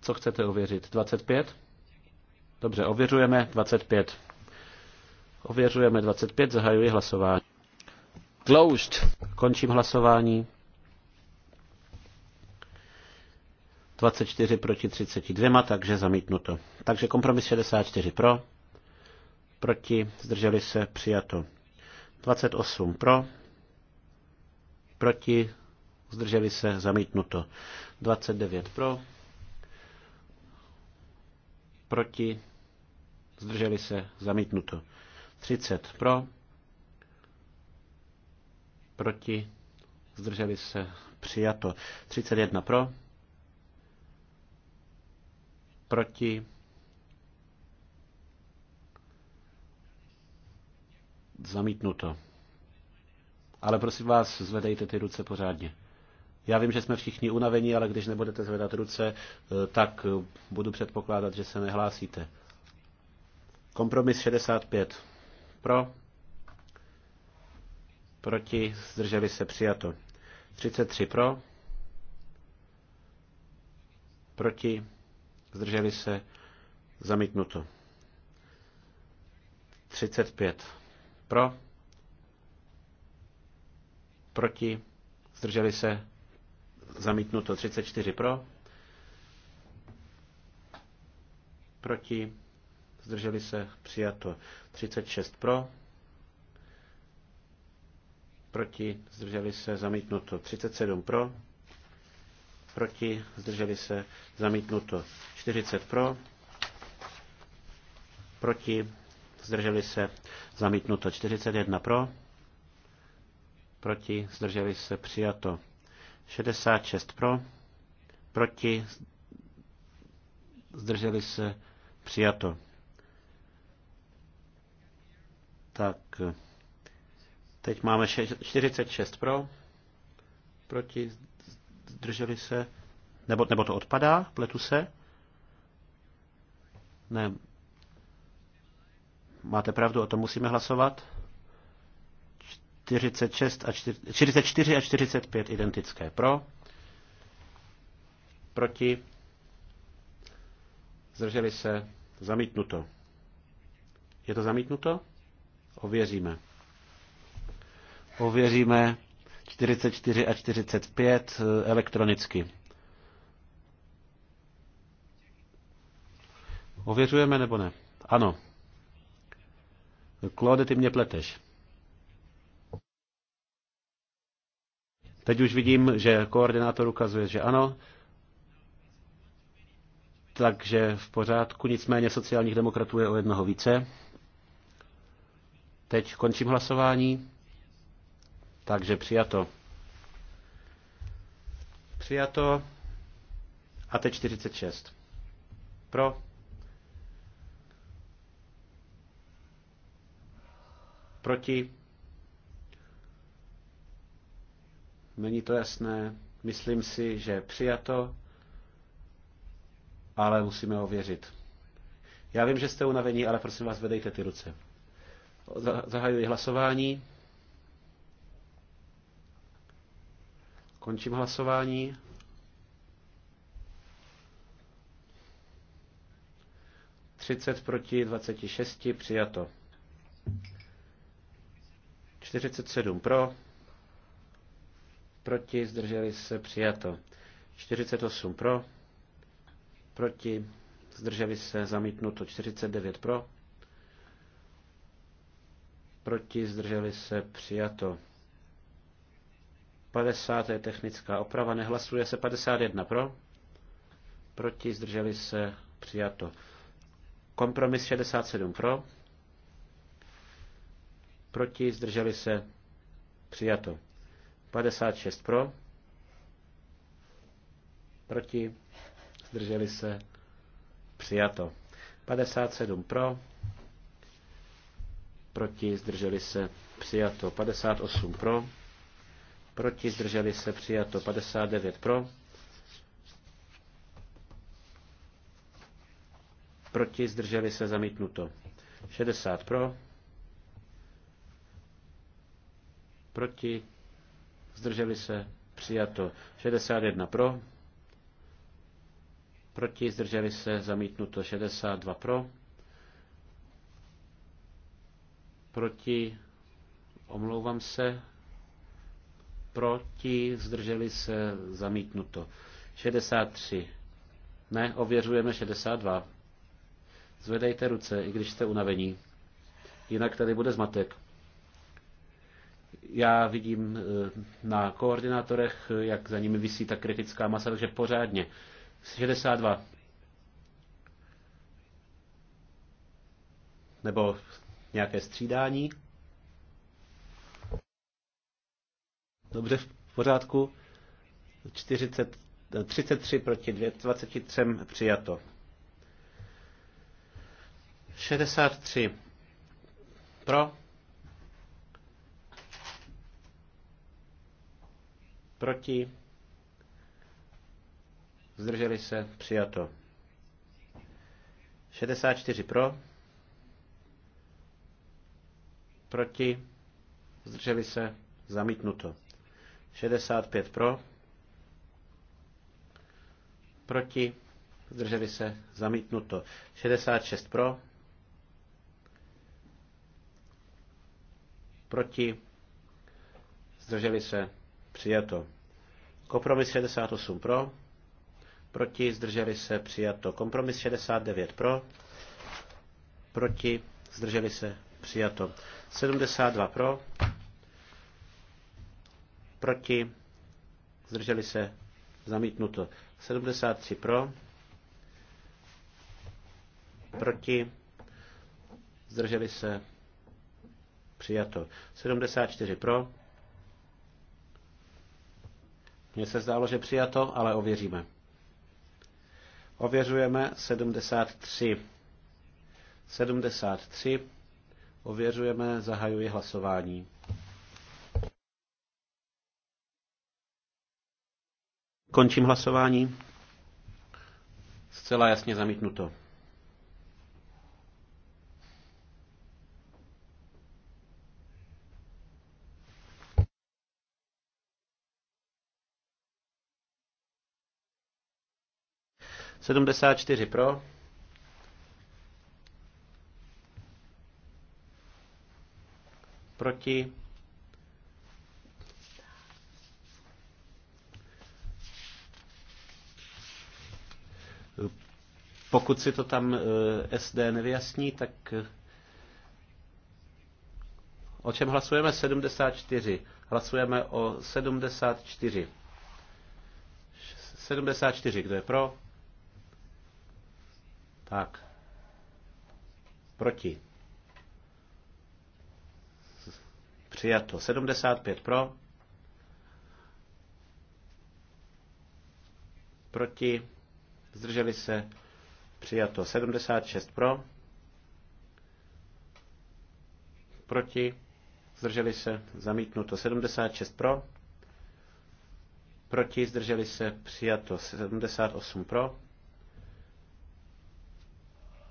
Co chcete ověřit? 25? Dobře, ověřujeme 25. Ověřujeme 25, zahajuji hlasování. Closed. Končím hlasování. 24 proti 32, takže zamítnuto. Takže kompromis 64 pro, proti, zdrželi se, přijato. 28 pro, proti, zdrželi se, zamítnuto. 29 pro, proti, zdrželi se, zamítnuto. 30 pro, proti, zdrželi se, přijato. 31 pro, proti, zamítnuto. Ale prosím vás, zvedejte ty ruce pořádně. Já vím, že jsme všichni unavení, ale když nebudete zvedat ruce, eh, tak eh, budu předpokládat, že se nehlásíte. Kompromis 65. Pro. Proti. Zdrželi se. Přijato. 33 pro. Proti. Zdrželi se. Zamítnuto. 35 pro. Proti. Zdrželi se. Zamítnuto 34 pro. Proti. Zdrželi se. Přijato 36 pro. Proti. Zdrželi se. Zamítnuto 37 pro. Proti. Zdrželi se. Zamítnuto 40 pro. Proti. Zdrželi se. Zamítnuto 41 pro. Proti. Zdrželi se. Přijato 66 pro, proti, zdrželi se, přijato. Tak, teď máme 46 pro, proti, zdrželi se, nebo, nebo to odpadá, pletu se? Ne. Máte pravdu, o tom musíme hlasovat? 46 a 44 a 45 identické pro, proti, zdrželi se, zamítnuto. Je to zamítnuto? Ověříme. Ověříme 44 a 45 eh, elektronicky. Ověřujeme nebo ne? Ano. Klode, ty mě pleteš. Teď už vidím, že koordinátor ukazuje, že ano. Takže v pořádku, nicméně sociálních demokratů je o jednoho více. Teď končím hlasování. Takže přijato. Přijato. A teď 46. Pro. Proti. Není to jasné. Myslím si, že přijato, ale musíme ověřit. Já vím, že jste unavení, ale prosím vás, vedejte ty ruce. Zahajuji hlasování. Končím hlasování. Třicet proti 26 přijato. 47 pro, proti, zdrželi se, přijato. 48 pro, proti, zdrželi se, zamítnuto. 49 pro, proti, zdrželi se, přijato. 50 je technická oprava, nehlasuje se 51 pro, proti, zdrželi se, přijato. Kompromis 67 pro, proti, zdrželi se, přijato. 56 pro, proti, zdrželi se, přijato. 57 pro, proti, zdrželi se, přijato. 58 pro, proti, zdrželi se, přijato. 59 pro, proti, zdrželi se, zamítnuto. 60 pro, proti, zdrželi se, přijato 61 pro, proti, zdrželi se, zamítnuto 62 pro, proti, omlouvám se, proti, zdrželi se, zamítnuto 63. Ne, ověřujeme 62. Zvedejte ruce, i když jste unavení. Jinak tady bude zmatek já vidím eh, na koordinátorech, eh, jak za nimi vysí ta kritická masa, takže pořádně. 62. Nebo nějaké střídání. Dobře, v pořádku. 40, 33 eh, proti 23 přijato. 63. Pro Proti? Zdrželi se? Přijato. 64 pro? Proti? Zdrželi se? Zamítnuto. 65 pro? Proti? Zdrželi se? Zamítnuto. 66 pro? Proti? Zdrželi se? Přijato. Kompromis 68 pro. Proti zdrželi se přijato. Kompromis 69 pro. Proti zdrželi se přijato. 72 pro. Proti zdrželi se zamítnuto. 73 pro. Proti zdrželi se přijato. 74 pro mně se zdálo, že přijato, ale ověříme. Ověřujeme 73. 73. Ověřujeme, zahajuji hlasování. Končím hlasování. Zcela jasně zamítnuto. 74 pro. Proti. Pokud si to tam eh, SD nevyjasní, tak eh, o čem hlasujeme? 74. Hlasujeme o 74. 74, kdo je pro? Tak. Proti. Přijato. 75 pro. Proti. Zdrželi se. Přijato. 76 pro. Proti. Zdrželi se. Zamítnuto. 76 pro. Proti. Zdrželi se. Přijato. 78 pro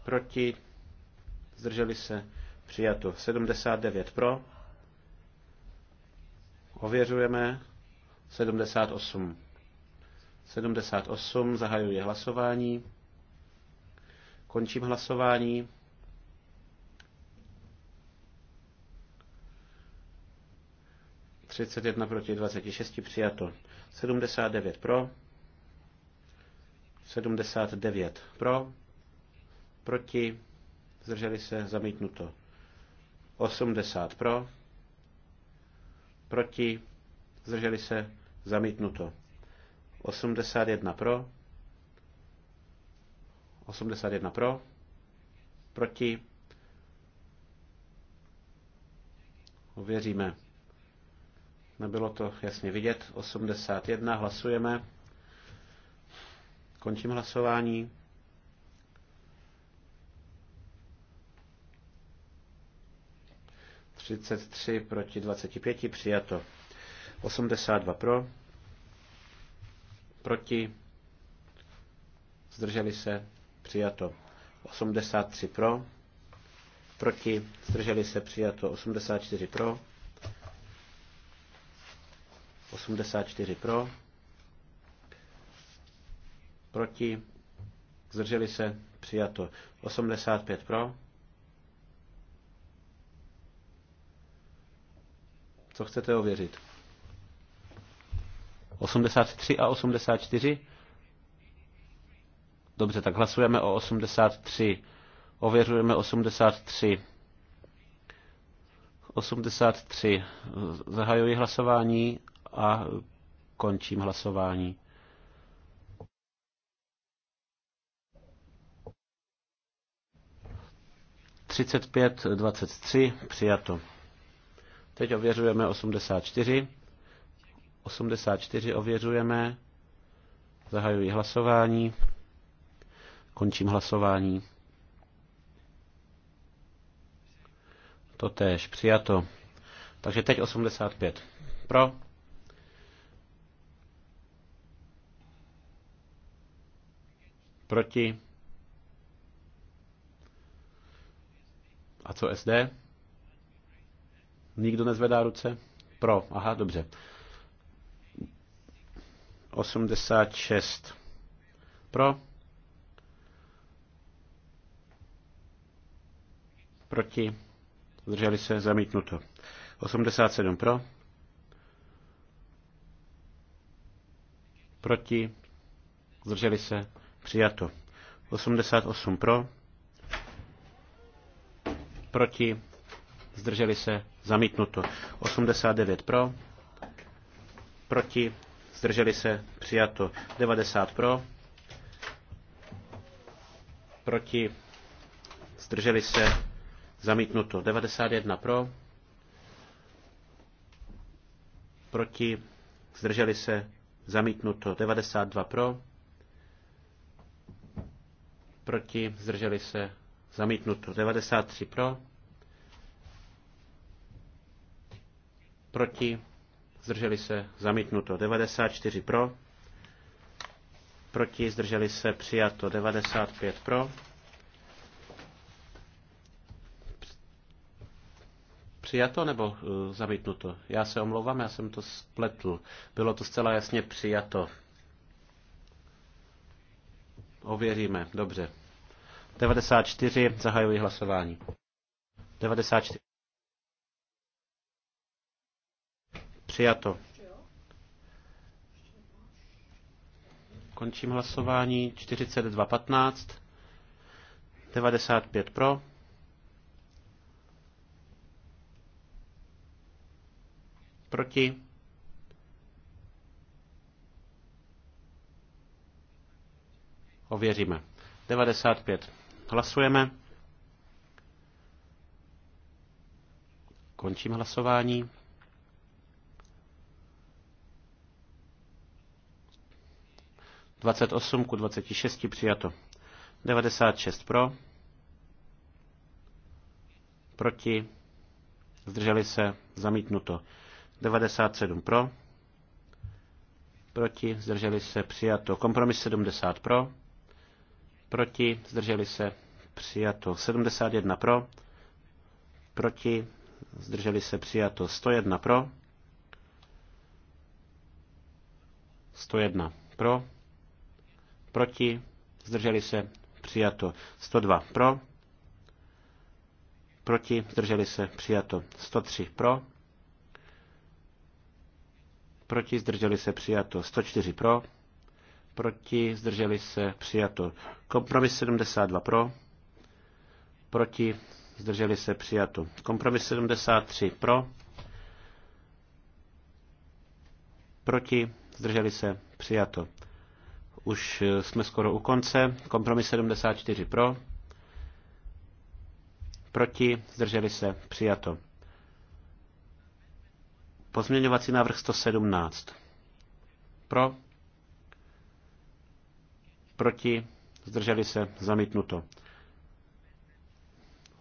proti, zdrželi se, přijato. 79 pro, ověřujeme, 78. 78, zahajuje hlasování, končím hlasování. jedna proti 26 přijato. 79 pro. 79 pro proti, zdrželi se, zamítnuto. 80 pro, proti, zdrželi se, zamítnuto. 81 pro, 81 pro, proti, Uvěříme. Nebylo to jasně vidět. 81 hlasujeme. Končím hlasování. 33 proti 25 přijato. 82 pro, proti, zdrželi se, přijato. 83 pro, proti, zdrželi se, přijato. 84 pro, 84 pro, proti, zdrželi se, přijato. 85 pro, Co chcete ověřit? 83 a 84? Dobře, tak hlasujeme o 83. Ověřujeme 83. 83. Zahajuji hlasování a končím hlasování. Třicet pět, dvacet tři, přijato. Teď ověřujeme 84. 84 ověřujeme. Zahajuji hlasování. Končím hlasování. To přijato. Takže teď 85. Pro. Proti. A co SD? Nikdo nezvedá ruce? Pro. Aha, dobře. 86. Pro. Proti. Zdrželi se. Zamítnuto. 87 pro. Proti. Zdrželi se. Přijato. 88 pro. Proti. Zdrželi se. Zamítnuto. 89 pro. Proti. Zdrželi se. Přijato. 90 pro. Proti. Zdrželi se. Zamítnuto. 91 pro. Proti. Zdrželi se. Zamítnuto. 92 pro. Proti. Zdrželi se. Zamítnuto. 93 pro proti, zdrželi se, zamítnuto 94 pro, proti, zdrželi se, přijato 95 pro, Přijato nebo uh, zamítnuto? Já se omlouvám, já jsem to spletl. Bylo to zcela jasně přijato. Ověříme, dobře. 94, zahajuji hlasování. 94. Přijato. Končím hlasování. 42.15. 95 pro. Proti. Ověříme. 95. Hlasujeme. Končím hlasování. 28 ku 26 přijato. 96 pro. Proti. Zdrželi se. Zamítnuto. 97 pro. Proti. Zdrželi se. Přijato. Kompromis 70 pro. Proti. Zdrželi se. Přijato. 71 pro. Proti. Zdrželi se. Přijato. 101 pro. 101 pro proti, zdrželi se, přijato. 102 pro, proti, zdrželi se, přijato. 103 pro, proti, zdrželi se, přijato. 104 pro, proti, zdrželi se, přijato. Kompromis 72 pro, proti, zdrželi se, přijato. Kompromis 73 pro, proti, zdrželi se, přijato. Už eh, jsme skoro u konce. Kompromis 74 pro. Proti. Zdrželi se. Přijato. Pozměňovací návrh 117. Pro. Proti. Zdrželi se. Zamítnuto.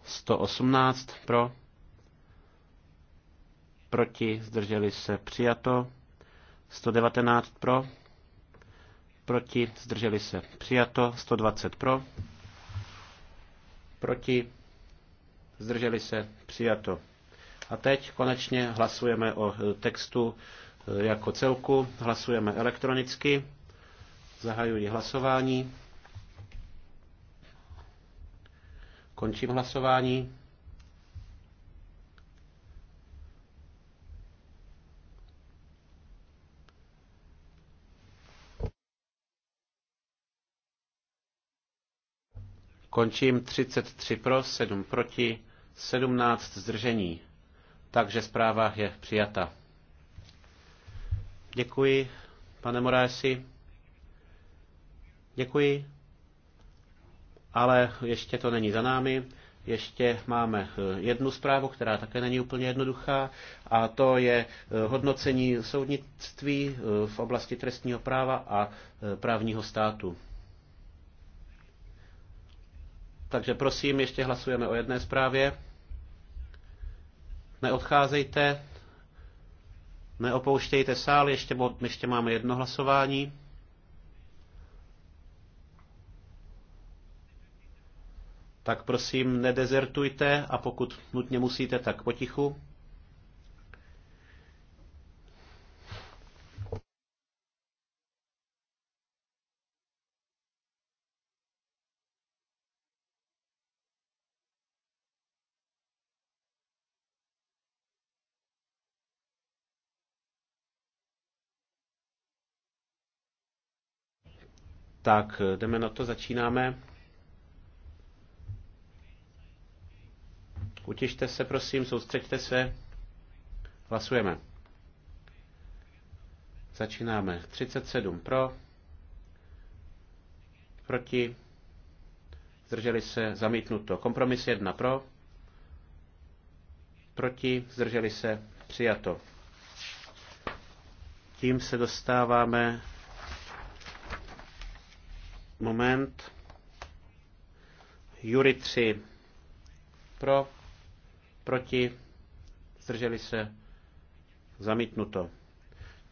118 pro. Proti. Zdrželi se. Přijato. 119 pro proti, zdrželi se, přijato, 120 pro, proti, zdrželi se, přijato. A teď konečně hlasujeme o e, textu e, jako celku, hlasujeme elektronicky, zahajuji hlasování, končím hlasování. Končím 33 pro, 7 proti, 17 zdržení. Takže zpráva je přijata. Děkuji, pane Morási. Děkuji. Ale ještě to není za námi. Ještě máme eh, jednu zprávu, která také není úplně jednoduchá, a to je eh, hodnocení soudnictví eh, v oblasti trestního práva a právního státu. Takže prosím, ještě hlasujeme o jedné zprávě. Neodcházejte, neopouštějte sál, ještě, ještě máme jedno hlasování. Tak prosím, nedezertujte a pokud nutně musíte, tak potichu. Tak, jdeme na to, začínáme. Utěžte se, prosím, soustřeďte se. Hlasujeme. Začínáme. 37 pro, proti, zdrželi se, zamítnuto. Kompromis 1 pro, proti, zdrželi se, přijato. Tím se dostáváme Moment. Jury 3. Pro, proti, zdrželi se, zamítnuto.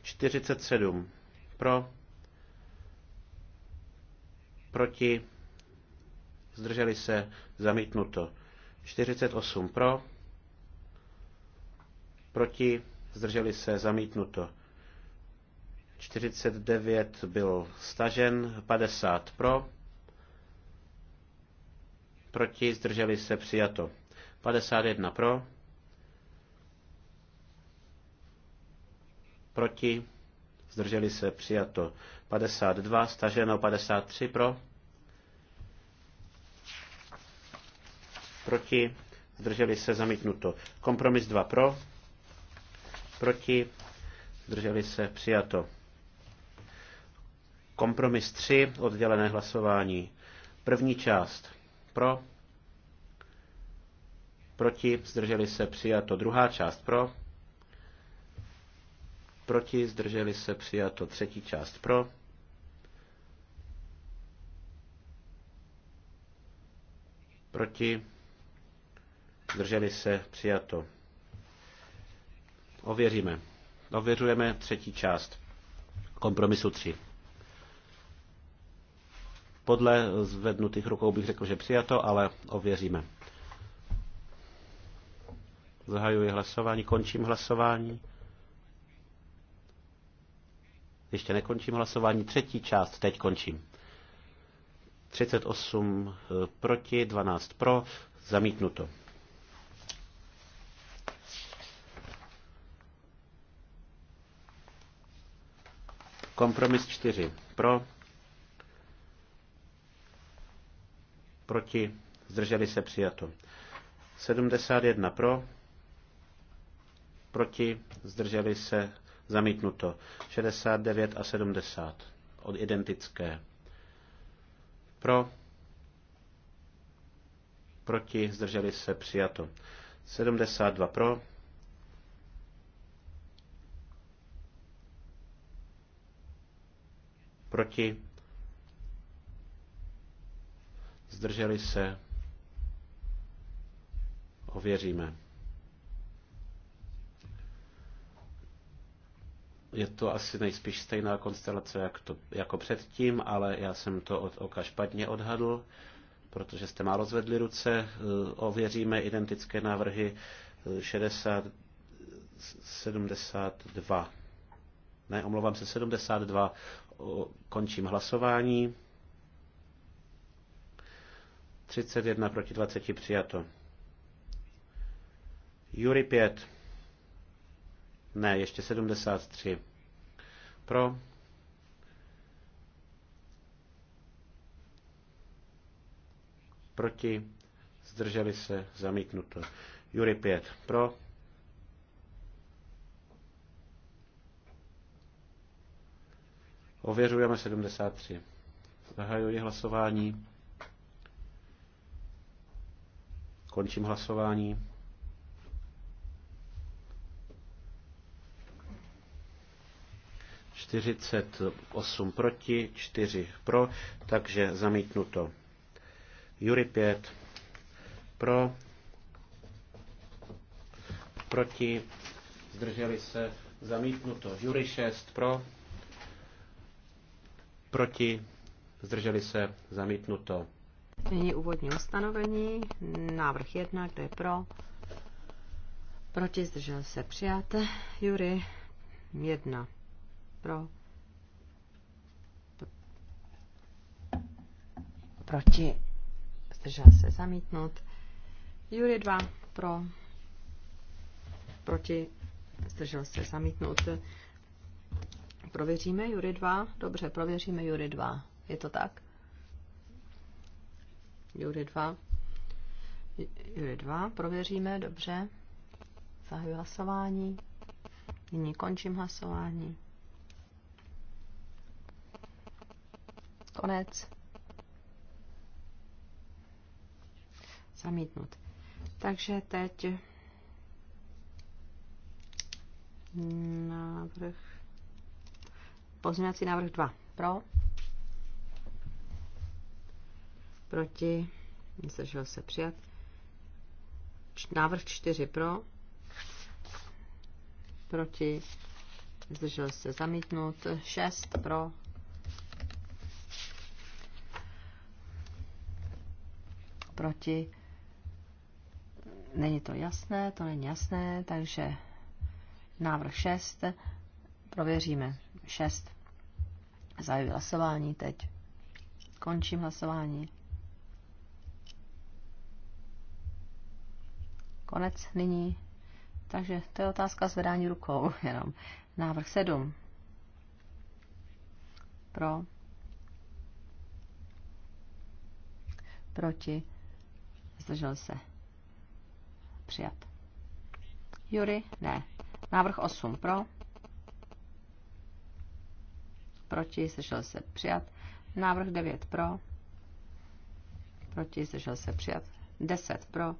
47. Pro, proti, zdrželi se, zamítnuto. 48 pro, proti, zdrželi se, zamítnuto. 49 byl stažen, 50 pro, proti, zdrželi se, přijato. 51 pro, proti, zdrželi se, přijato. 52, staženo, 53 pro, proti, zdrželi se, zamítnuto. Kompromis 2 pro, proti, zdrželi se, přijato. Kompromis 3, oddělené hlasování. První část pro, proti, zdrželi se přijato. Druhá část pro, proti, zdrželi se přijato. Třetí část pro, proti, zdrželi se přijato. Ověříme. Ověřujeme třetí část kompromisu 3. Podle zvednutých rukou bych řekl, že přijato, ale ověříme. Zahajuji hlasování, končím hlasování. Ještě nekončím hlasování, třetí část, teď končím. 38 eh, proti, 12 pro, zamítnuto. Kompromis 4 pro, proti, zdrželi se přijato. 71 pro, proti, zdrželi se zamítnuto. 69 a 70 od identické. Pro, proti, zdrželi se přijato. 72 pro, proti, zdrželi se, ověříme. Je to asi nejspíš stejná konstelace jak to, jako předtím, ale já jsem to od oka špatně odhadl, protože jste málo zvedli ruce. Eh, ověříme identické návrhy 60, eh, 72. Ne, omlouvám se, 72. Končím hlasování. 31 proti 20 přijato. Jury 5. Ne, ještě 73. Pro. Proti. Zdrželi se. Zamítnuto. Jury 5. Pro. Ověřujeme 73. Zahajuji hlasování. Končím hlasování. Čtyřicet osm proti, čtyři pro, takže zamítnuto. Jury pět pro, proti, zdrželi se, zamítnuto. Jury šest pro, proti, zdrželi se, zamítnuto. Nyní úvodní ustanovení, návrh 1, kde je pro, proti, zdržel se přijat, Jury 1, pro, proti, zdržel se zamítnout, Jury 2, pro, proti, zdržel se zamítnout, prověříme Jury 2, dobře, prověříme Jury 2, je to tak? Jury 2. Jury 2, prověříme, dobře. Zahajuji hlasování. Nyní končím hlasování. Konec. Zamítnut. Takže teď návrh. Pozměňovací návrh 2. Pro. proti, nezdržel se přijat. Návrh 4 pro, proti, zdržel se zamítnut, 6 pro, proti, není to jasné, to není jasné, takže návrh 6 prověříme. 6. Zahajuji hlasování teď. Končím hlasování. Konec nyní. Takže to je otázka zvedání rukou jenom. Návrh 7. Pro. Proti. Zdržel se. Přijat. Jury? Ne. Návrh 8. Pro. Proti. Zdržel se. Přijat. Návrh 9. Pro. Proti. Zdržel se. Přijat. 10. Pro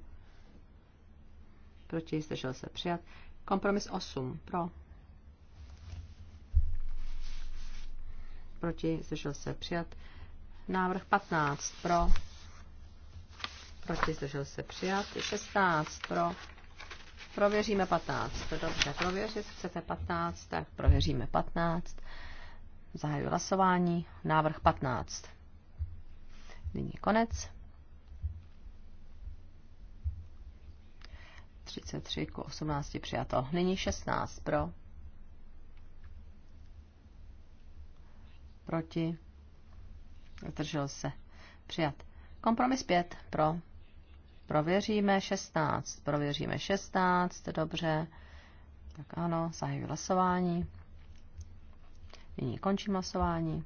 proti, zdržel se přijat. Kompromis 8 pro, proti, zdržel se přijat. Návrh 15 pro, proti, zdržel se přijat. 16 pro, prověříme 15. To Dobře, prověřit chcete 15, tak prověříme 15. Zahajuji hlasování. Návrh 15. Nyní konec. 33 k 18 přijato. Nyní 16 pro. Proti. Zdržel se. Přijat. Kompromis 5 pro. Prověříme 16. Prověříme 16. Dobře. Tak ano, zahajuji hlasování. Nyní končím hlasování.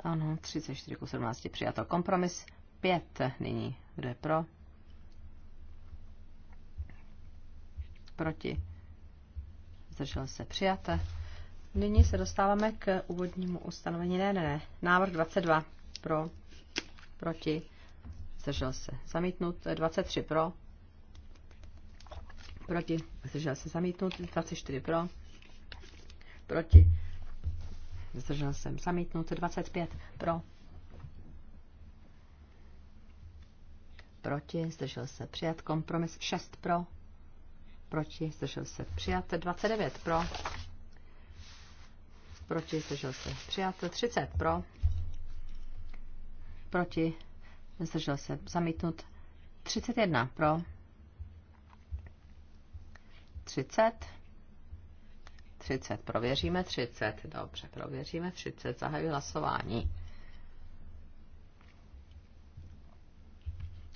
Ano, 34 k 17 přijato kompromis. 5 nyní. Kdo je pro? Proti? Zdržel se přijaté. Nyní se dostáváme k úvodnímu ustanovení. Ne, ne, ne. Návrh 22 pro, proti, zdržel se. Zamítnut 23 pro, proti, zdržel se. Zamítnut 24 pro, proti, zdržel jsem. Zamítnut 25 pro, proti, zdržel se přijat. Kompromis 6 pro, proti, zdržel se přijat. 29 pro, proti, zdržel se přijat. 30 pro, proti, zdržel se zamítnut. 31 pro, 30, 30, prověříme 30, dobře, prověříme 30, zahajuji hlasování.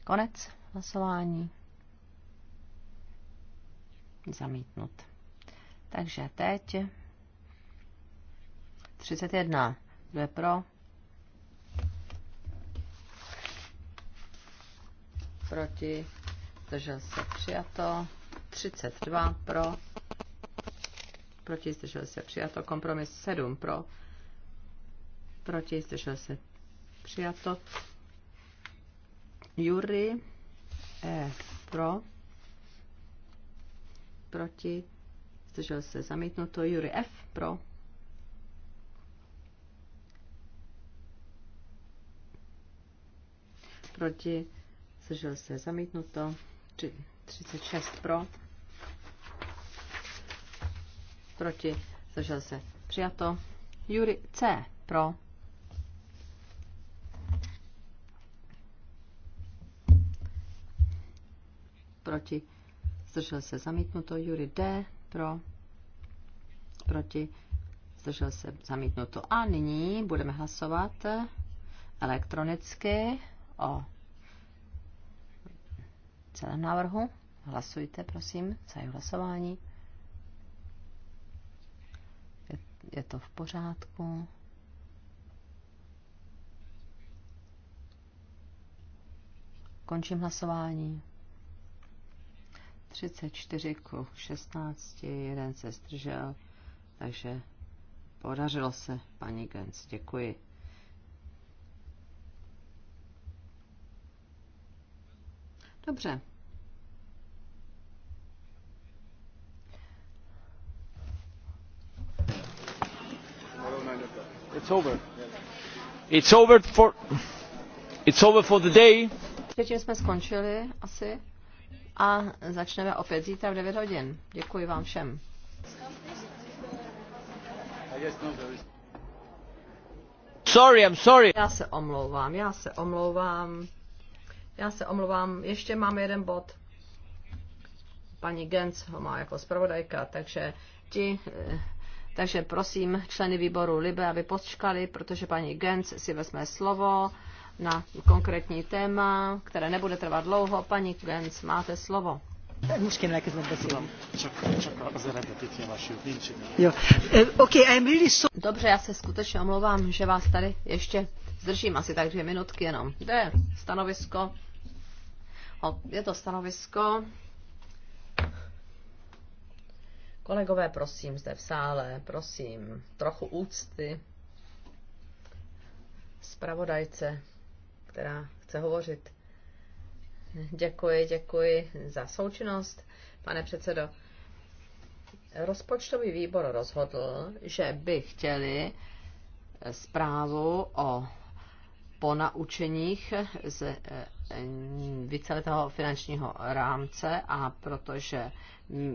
Konec hlasování. Zamítnut. Takže teď 31. Kdo je pro? Proti? Zdržel se přijato. 32 pro. Proti? Zdržel se přijato. Kompromis 7 pro. Proti? Zdržel se přijato. Jury E pro, proti, zdržel se zamítnuto, Jury F pro, proti, zdržel se zamítnuto, 36 pro, proti, zdržel se přijato, Jury C pro, proti, zdržel se zamítnuto, Jury D pro, proti, zdržel se zamítnuto. A nyní budeme hlasovat elektronicky o celém návrhu. Hlasujte, prosím, celé hlasování. Je, je to v pořádku. Končím hlasování. 34 ku 16, jeden se zdržel, takže podařilo se, paní Gens, děkuji. Dobře. It's over. It's over for, it's over for the day. Teď jsme skončili asi a začneme opět zítra v 9 hodin. Děkuji vám všem. Sorry, I'm sorry. Já se omlouvám, já se omlouvám. Já se omlouvám, ještě mám jeden bod. Paní Gens ho má jako zpravodajka, takže ti, eh, takže prosím členy výboru Libe, aby počkali, protože paní Gens si vezme slovo na konkrétní téma, které nebude trvat dlouho. Paní Gens, máte slovo. Most kéne beszélni. Csak, csak az eredetit javasljuk, nincs Jo. Okay, I'm really so... Dobře, já se skutečně omlouvám, že vás tady ještě zdržím asi tak dvě minutky jenom. To je stanovisko. O, je to stanovisko. Kolegové, prosím, zde v sále, prosím, trochu úcty. Spravodajce která chce hovořit. Děkuji, děkuji za součinnost, pane předsedo. Rozpočtový výbor rozhodl, že by chtěli zprávu o po naučeních z eh, víceletého finančního rámce a protože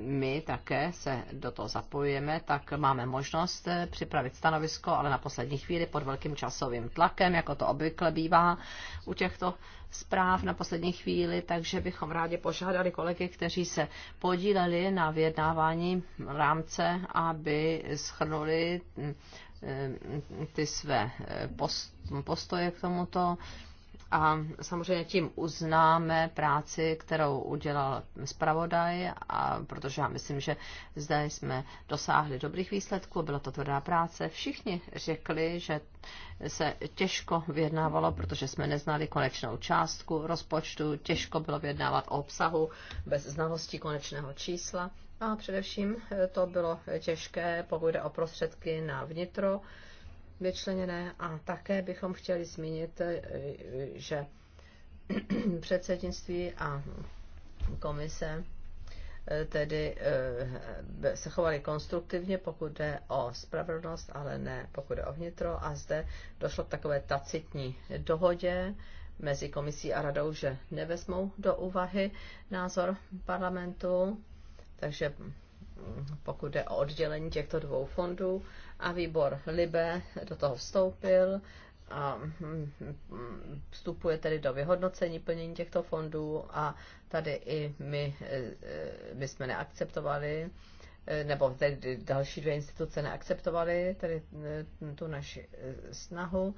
my také se do toho zapojujeme, tak máme možnost eh, připravit stanovisko, ale na poslední chvíli pod velkým časovým tlakem, jako to obvykle bývá u těchto zpráv na poslední chvíli, takže bychom rádi požádali kolegy, kteří se podíleli na vyjednávání rámce, aby schrnuli hm, Eh, ty své eh, postoje k tomuto. A samozřejmě tím uznáme práci, kterou udělal zpravodaj, a protože já myslím, že zde jsme dosáhli dobrých výsledků, byla to tvrdá práce. Všichni řekli, že se těžko vyjednávalo, protože jsme neznali konečnou částku rozpočtu, těžko bylo vyjednávat o obsahu bez znalosti konečného čísla. A především eh, to bylo těžké, pokud jde o prostředky na vnitro vyčleněné. A také bychom chtěli zmínit, eh, že předsednictví a komise eh, tedy se chovali konstruktivně, pokud jde o spravedlnost, ale ne pokud jde o vnitro. A zde došlo k takové tacitní dohodě mezi komisí a radou, že nevezmou do úvahy názor parlamentu takže mm, pokud jde o oddělení těchto dvou fondů a výbor Libe do toho vstoupil a mm, vstupuje tedy do vyhodnocení plnění těchto fondů a tady i my, eh, my jsme neakceptovali eh, nebo tedy další dvě instituce neakceptovaly tedy eh, tu naši snahu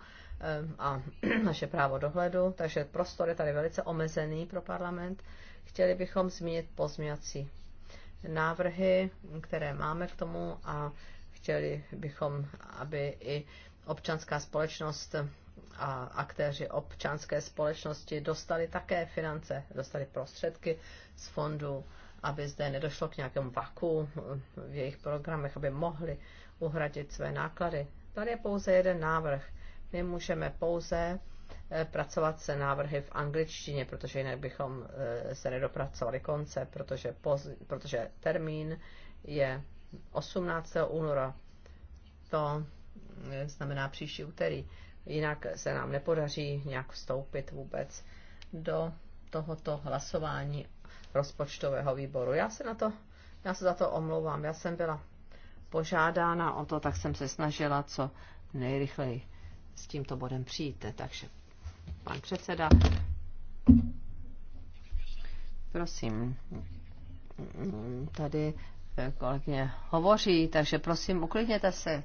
a naše právo dohledu, takže prostor je tady velice omezený pro parlament. Chtěli bychom zmínit pozměňovací návrhy, které máme k tomu a chtěli bychom, aby i občanská společnost a aktéři občanské společnosti dostali také finance, dostali prostředky z fondu, aby zde nedošlo k nějakému vaku v jejich programech, aby mohli uhradit své náklady. Tady je pouze jeden návrh. My můžeme pouze Eh, pracovat se návrhy v angličtině, protože jinak bychom eh, se nedopracovali konce, protože, poz, protože termín je 18. února. To eh, znamená příští úterý. Jinak se nám nepodaří nějak vstoupit vůbec do tohoto hlasování rozpočtového výboru. Já se na to, já se za to omlouvám. Já jsem byla požádána o to, tak jsem se snažila co nejrychleji s tímto bodem přijít. Takže Pan předseda. Prosím. Tady eh, kolegyně hovoří, takže prosím, uklidněte se.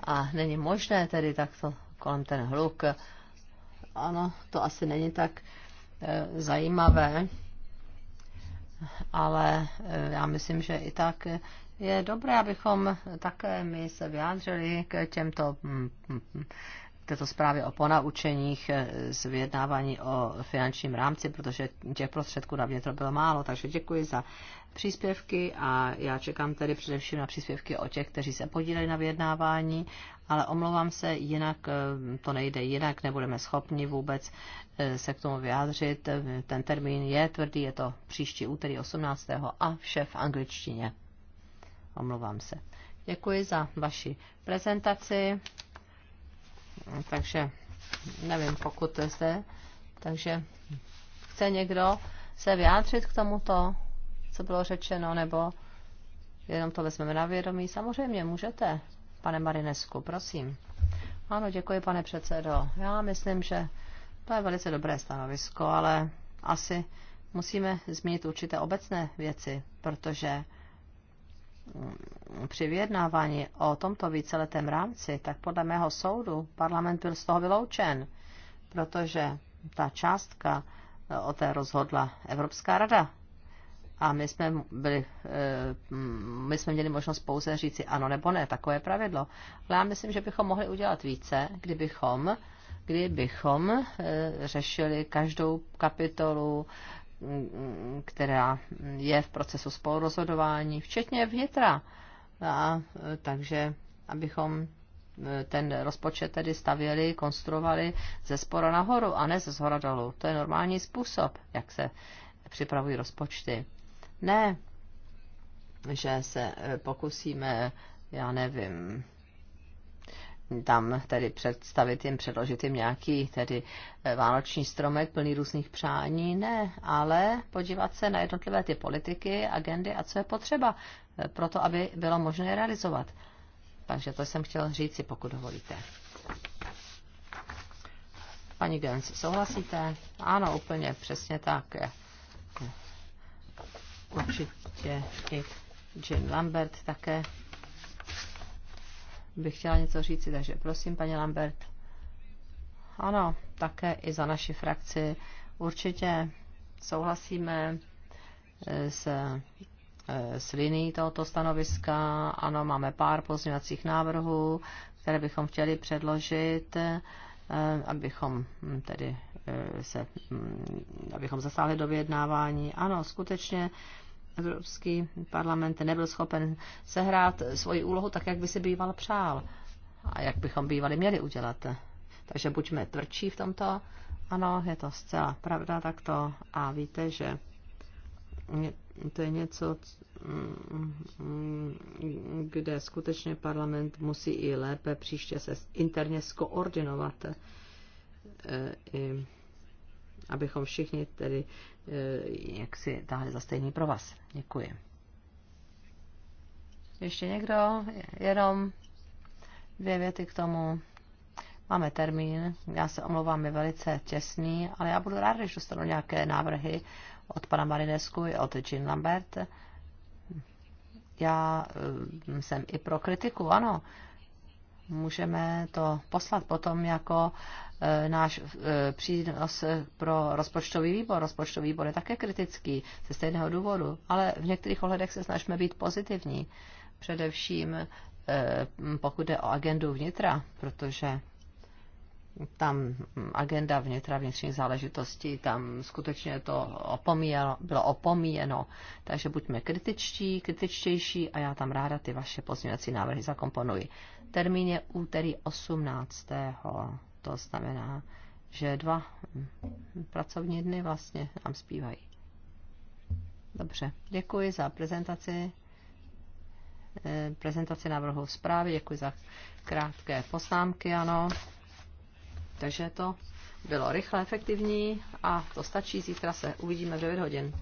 A není možné tedy takto kolem ten hluk. Ano, to asi není tak eh, zajímavé, ale eh, já myslím, že i tak je dobré, abychom také my se vyjádřili k těmto mm, mm, této zprávy o ponaučeních eh, z vyjednávání o finančním rámci, protože těch prostředků na vnitro bylo málo, takže děkuji za příspěvky a já čekám tedy především na příspěvky o těch, kteří se podíleli na vyjednávání, ale omlouvám se, jinak eh, to nejde, jinak nebudeme schopni vůbec eh, se k tomu vyjádřit. Ten termín je tvrdý, je to příští úterý 18. a vše v angličtině. Omlouvám se. Děkuji za vaši prezentaci. Takže nevím, pokud jste. Takže chce někdo se vyjádřit k tomuto, co bylo řečeno, nebo jenom to vezmeme na vědomí? Samozřejmě můžete, pane Marinesku, prosím. Ano, děkuji, pane předsedo. Já myslím, že to je velice dobré stanovisko, ale asi musíme zmínit určité obecné věci, protože při vyjednávání o tomto víceletém rámci, tak podle mého soudu parlament byl z toho vyloučen, protože ta částka eh, o té rozhodla Evropská rada. A my jsme, byli, eh, my jsme měli možnost pouze říci ano nebo ne, takové pravidlo. Ale já myslím, že bychom mohli udělat více, kdybychom kdybychom eh, řešili každou kapitolu, která je v procesu spolurozhodování, včetně vnitra. A, takže abychom e, ten rozpočet tedy stavěli, konstruovali ze spora nahoru a ne ze zhora dolů. To je normální způsob, jak se připravují rozpočty. Ne, že se e, pokusíme, já nevím, tam tedy představit jim, předložit jim nějaký tedy eh, vánoční stromek plný různých přání, ne, ale podívat se na jednotlivé ty politiky, agendy a co je potřeba eh, pro to, aby bylo možné je realizovat. Takže to jsem chtěl říct si, pokud dovolíte. Paní Gens, souhlasíte? Ano, úplně přesně tak. Eh, určitě i Jane Lambert také bych chtěla něco říci, takže prosím, paní Lambert. Ano, také i za naši frakci určitě souhlasíme eh, eh, s, s liní tohoto stanoviska. Ano, máme pár pozměňovacích návrhů, které bychom chtěli předložit, eh, abychom hm, tedy se, hm, abychom zasáhli do vyjednávání. Ano, skutečně Evropský parlament nebyl schopen sehrát svoji úlohu tak, jak by si býval přál a jak bychom bývali měli udělat. Takže buďme tvrdší v tomto. Ano, je to zcela pravda takto a víte, že to je něco, mm, kde skutečně parlament musí i lépe příště se interně skoordinovat, e, i, abychom všichni tedy Eh, jak si táhli za stejný pro vás. Děkuji. Ještě někdo? Jenom dvě věty k tomu. Máme termín, já se omlouvám, je velice těsný, ale já budu rád, když dostanu nějaké návrhy od pana Marinesku i od Jean Lambert. Já eh, jsem i pro kritiku, ano můžeme to poslat potom jako e, náš e, přínos pro rozpočtový výbor. Rozpočtový výbor je také kritický ze stejného důvodu, ale v některých ohledech se snažíme být pozitivní. Především e, pokud jde o agendu vnitra, protože tam agenda vnitra vnitřní záležitosti, tam skutečně to opomíjelo, bylo opomíjeno. Takže buďme kritičtí, kritičtější a já tam ráda ty vaše pozměňovací návrhy zakomponuji. Termín je úterý 18. To znamená, že dva pracovní dny vlastně nám zpívají. Dobře, děkuji za prezentaci eh, prezentaci návrhu zprávy, děkuji za krátké poznámky, ano. Takže to bylo rychle efektivní a to stačí. Zítra se uvidíme v 9 hodin.